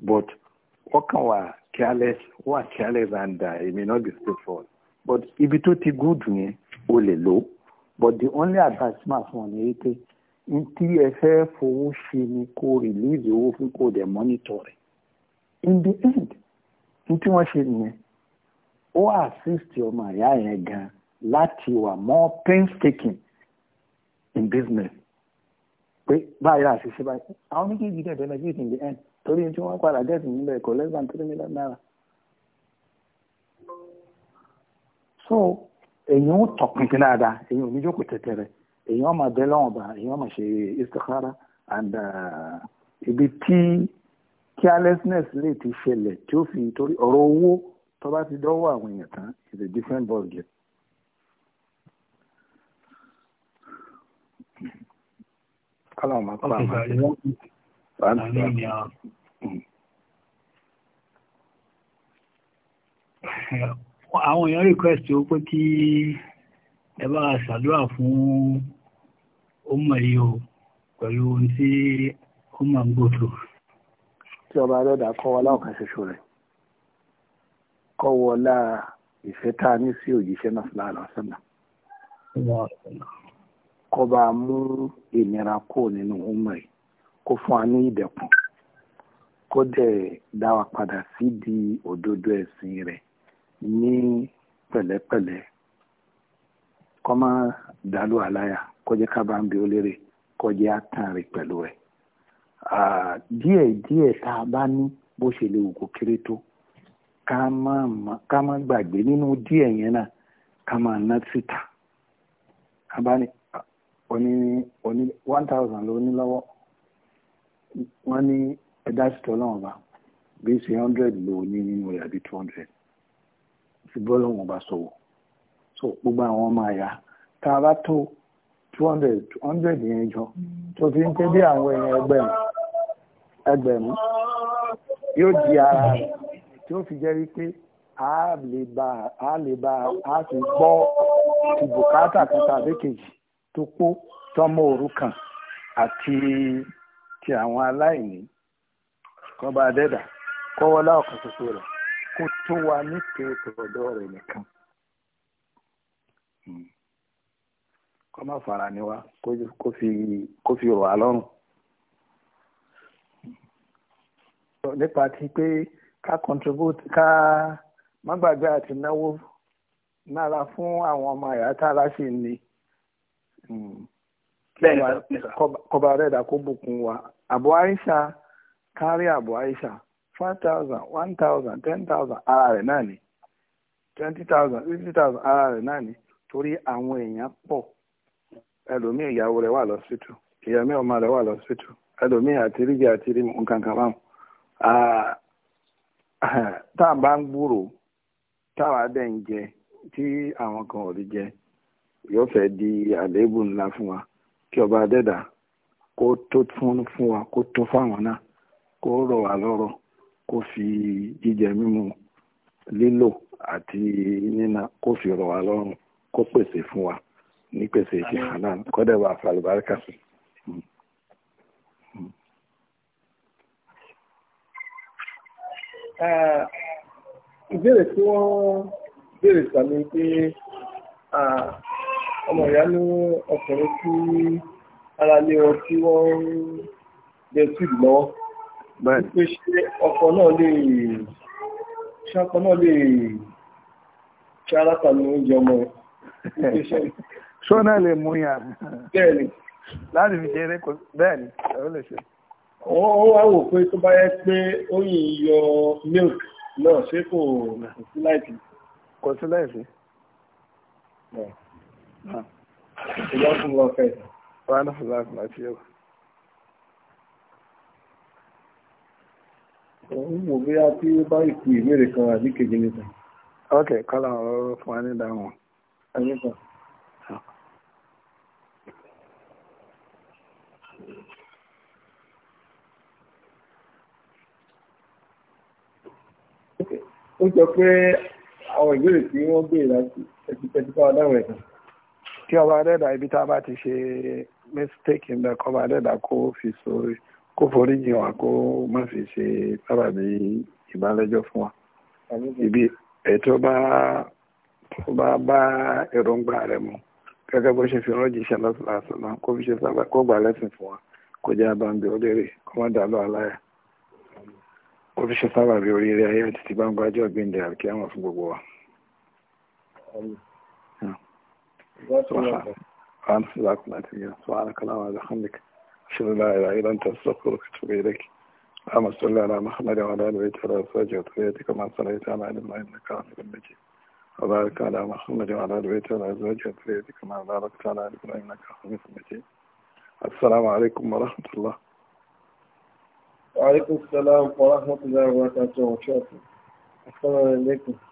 but what can we careless? What careless and die? Uh, it may not be straightforward. But if it too good yẹn o lè But the only advice fún ni pé n tí ẹ fẹ́ fowó ṣe ni kó release owó fún kó dẹ̀ monitor In the end, n tí wọ́n ṣe nìyẹn, ó assist ọmọ ìyá yẹn gan láti wà more painstaking in business pé báyìí là ṣe ṣe báyìí àwọn méjèèjì dẹ̀ benefit in the end torí tí wọ́n padà get nílẹ̀ kò less than three million naira. so èyàn ó tọpinpin dáadáa èyàn ò ní jókòó tẹtẹrẹ èyàn máa bẹ lọ́wọ́n bá èyàn máa ṣe istikhara and uh, ibi tí carelessness lè ti ṣẹlẹ̀ tí ó fi torí ọ̀rọ̀ owó tó bá ti dọ́wọ́ àwọn èèyàn tán is a different ball game. kọ́lọ̀ máa kọ́ àwọn àwọn èèyàn request ó pé kí ẹ bá ṣàdúrà fún ọmọ yìí o pẹ̀lú ohun o ó máa ń gbòtò tí ọba adẹ́dà kọ́ wa láwọn kan ṣoṣo rẹ̀ kọ́ wọlá ìfẹ́ tá a ní sí òjíṣẹ́ náà láàrín ọ̀sán náà kó bá mú ìnira kó nínú ọmọ ẹ̀ kó fún wa ní ìdẹ̀kùn kó dẹ̀ dá wa padà sídìí òdodo ẹ̀sìn rẹ̀ ní pẹ̀lẹ́pẹ̀lẹ́ kó má dàlú àláyà kó jẹ́ ká bá ń bi ó lérè kó jẹ́ àtàn rẹ̀ pẹ̀lú rẹ̀ tá a bá ní bó ṣe lè wù kó kéré tó ká má gbàgbé nínú díẹ̀ yẹn náà ká máa ná síta abáni Oni oni one thousand ló ní lọ́wọ́ wọ́n ní ẹ̀dá ìṣètò ọlọ́run ọba bí ṣe hundred ló ní nínú rẹ̀ àbí two hundred ṣùgbọ́n ọlọ́run ọba sọ̀wọ́ so gbogbo àwọn ọmọ àyà tá a bá tó two hundred two hundred yẹn jọ tó fi ń pé bí àwọn èèyàn ẹgbẹ̀rún ẹgbẹ̀rún yóò di ara rẹ̀ tí ó fi jẹ́ wípé a lè bá a lè bá a ti gbọ́ ti bùkátà kan tàbí kejì. topó tọmọ kan àti ti àwọn aláìní kọba adẹ́dà kọ́wọ́lá ọ̀kan ṣoṣo rẹ̀ kó tó wa nítorí rẹ̀ nìkan hmm. kọ́ fara ni wa kó fi rọ̀ á lọ́rùn. Hmm. nípa ti pé ká contribute ká má gbàgbé àti náwó nára fún àwọn ọmọ ni. Hmm. kọba rẹ̀dà kó bùkún wa àbọ̀ àìsà kárí àbọ̀ àìsà five thousand one thousand ten thousand ara rẹ̀ náà ni twenty thousand fifty thousand ara rẹ̀ náà ni torí àwọn èèyàn pọ̀ ẹlòmíì ìyàwó rẹ̀ wà lọ́sítù ìyàmí ọmọ rẹ̀ wà lọ́sítù ẹlòmíì àti rígi àti rí nǹkan kan báwọn tá à bá ń gbúrò táwa dẹ̀ ń jẹ tí àwọn kan ò rí jẹ yóò fẹ́ di àléébù ńlá fún wa kí ọba adẹ́dà kó tó fún fún wa kó tó fáwọn náà kó rọ̀ wá lọ́rọ̀ kó fi jíjẹ mímu lílò àti níná kó fi rọ̀ wá lọ́rùn kó pèsè fún wa ní pèsè ìṣe hanan kọ́dẹ̀ wà fàlùbáríkà sí. ìbéèrè tí wọ́n béèrè sàmì pé ọmọ ìyá ní ọkùnrin tí ara lé wọn tí wọ́n ń bẹ tíìbù lọ́wọ́ pé ṣé ọkọ náà lè ṣé ọkọ náà lè ṣe alákàánú oúnjẹ ọmọ rẹ̀ ṣó náà lè mú yàn bẹ́ẹ̀ni láti fi ṣeré kò bẹ́ẹ̀ni ẹ̀rọ lè ṣe. wọ́n wá wò pé tó bá yẹ pé oyin yọ milk náà ṣé kò sí láìsí. kò sí láìsí. Yeah. Idan kun ba kai. Ranar halak lafiya. Òun mò a tí bá ìpù ìbéèrè kan àbí kejì níta. Ok, kọ́lá ọ̀rọ̀ fún wa ní ìdáhùn. Ẹni kan. Ó jọ pé àwọn ìbéèrè tí wọ́n béèrè láti ẹ̀sìn tẹ́tí káwọn dáhùn ẹ̀sìn. kí ọba adẹ́dà ibi tá a bá ti ṣe mistake ń bẹ kọba adẹ́dà kó fi sórí kó forí jìn wá kó má fi ṣe sábàbí ìbálẹ́jọ́ fún wa ibi ètò bá tó bá bá èròǹgbà rẹ̀ mu gẹ́gẹ́ bó ṣe fi ọlọ́jì iṣẹ́ lọ́sọ̀lọ́sọ̀ náà kó fi ṣe sábà kó gbà lẹ́sìn fún wa kó jẹ́ abambi olérè kó má dàlú aláya kó fi ṣe sábàbí oríire ayé àti ti bá ń gbájọ́ gbìndẹ̀ àríkí àwọn fún gbogbo wa. Amen. سبحانك اللهم وبحمدك أشهد أن لا إله إلا أنت أستغفرك وأتوب إليك اللهم صل على محمد وعلى آل بيته وعلى أزواجه وذريته كما صليت على آل إبراهيم إنك حميد مجيد وبارك على محمد وعلى آل بيته وعلى أزواجه وذريته كما باركت على آل إبراهيم إنك حميد مجيد السلام عليكم ورحمة الله وعليكم السلام ورحمة الله وبركاته وشكرا السلام عليكم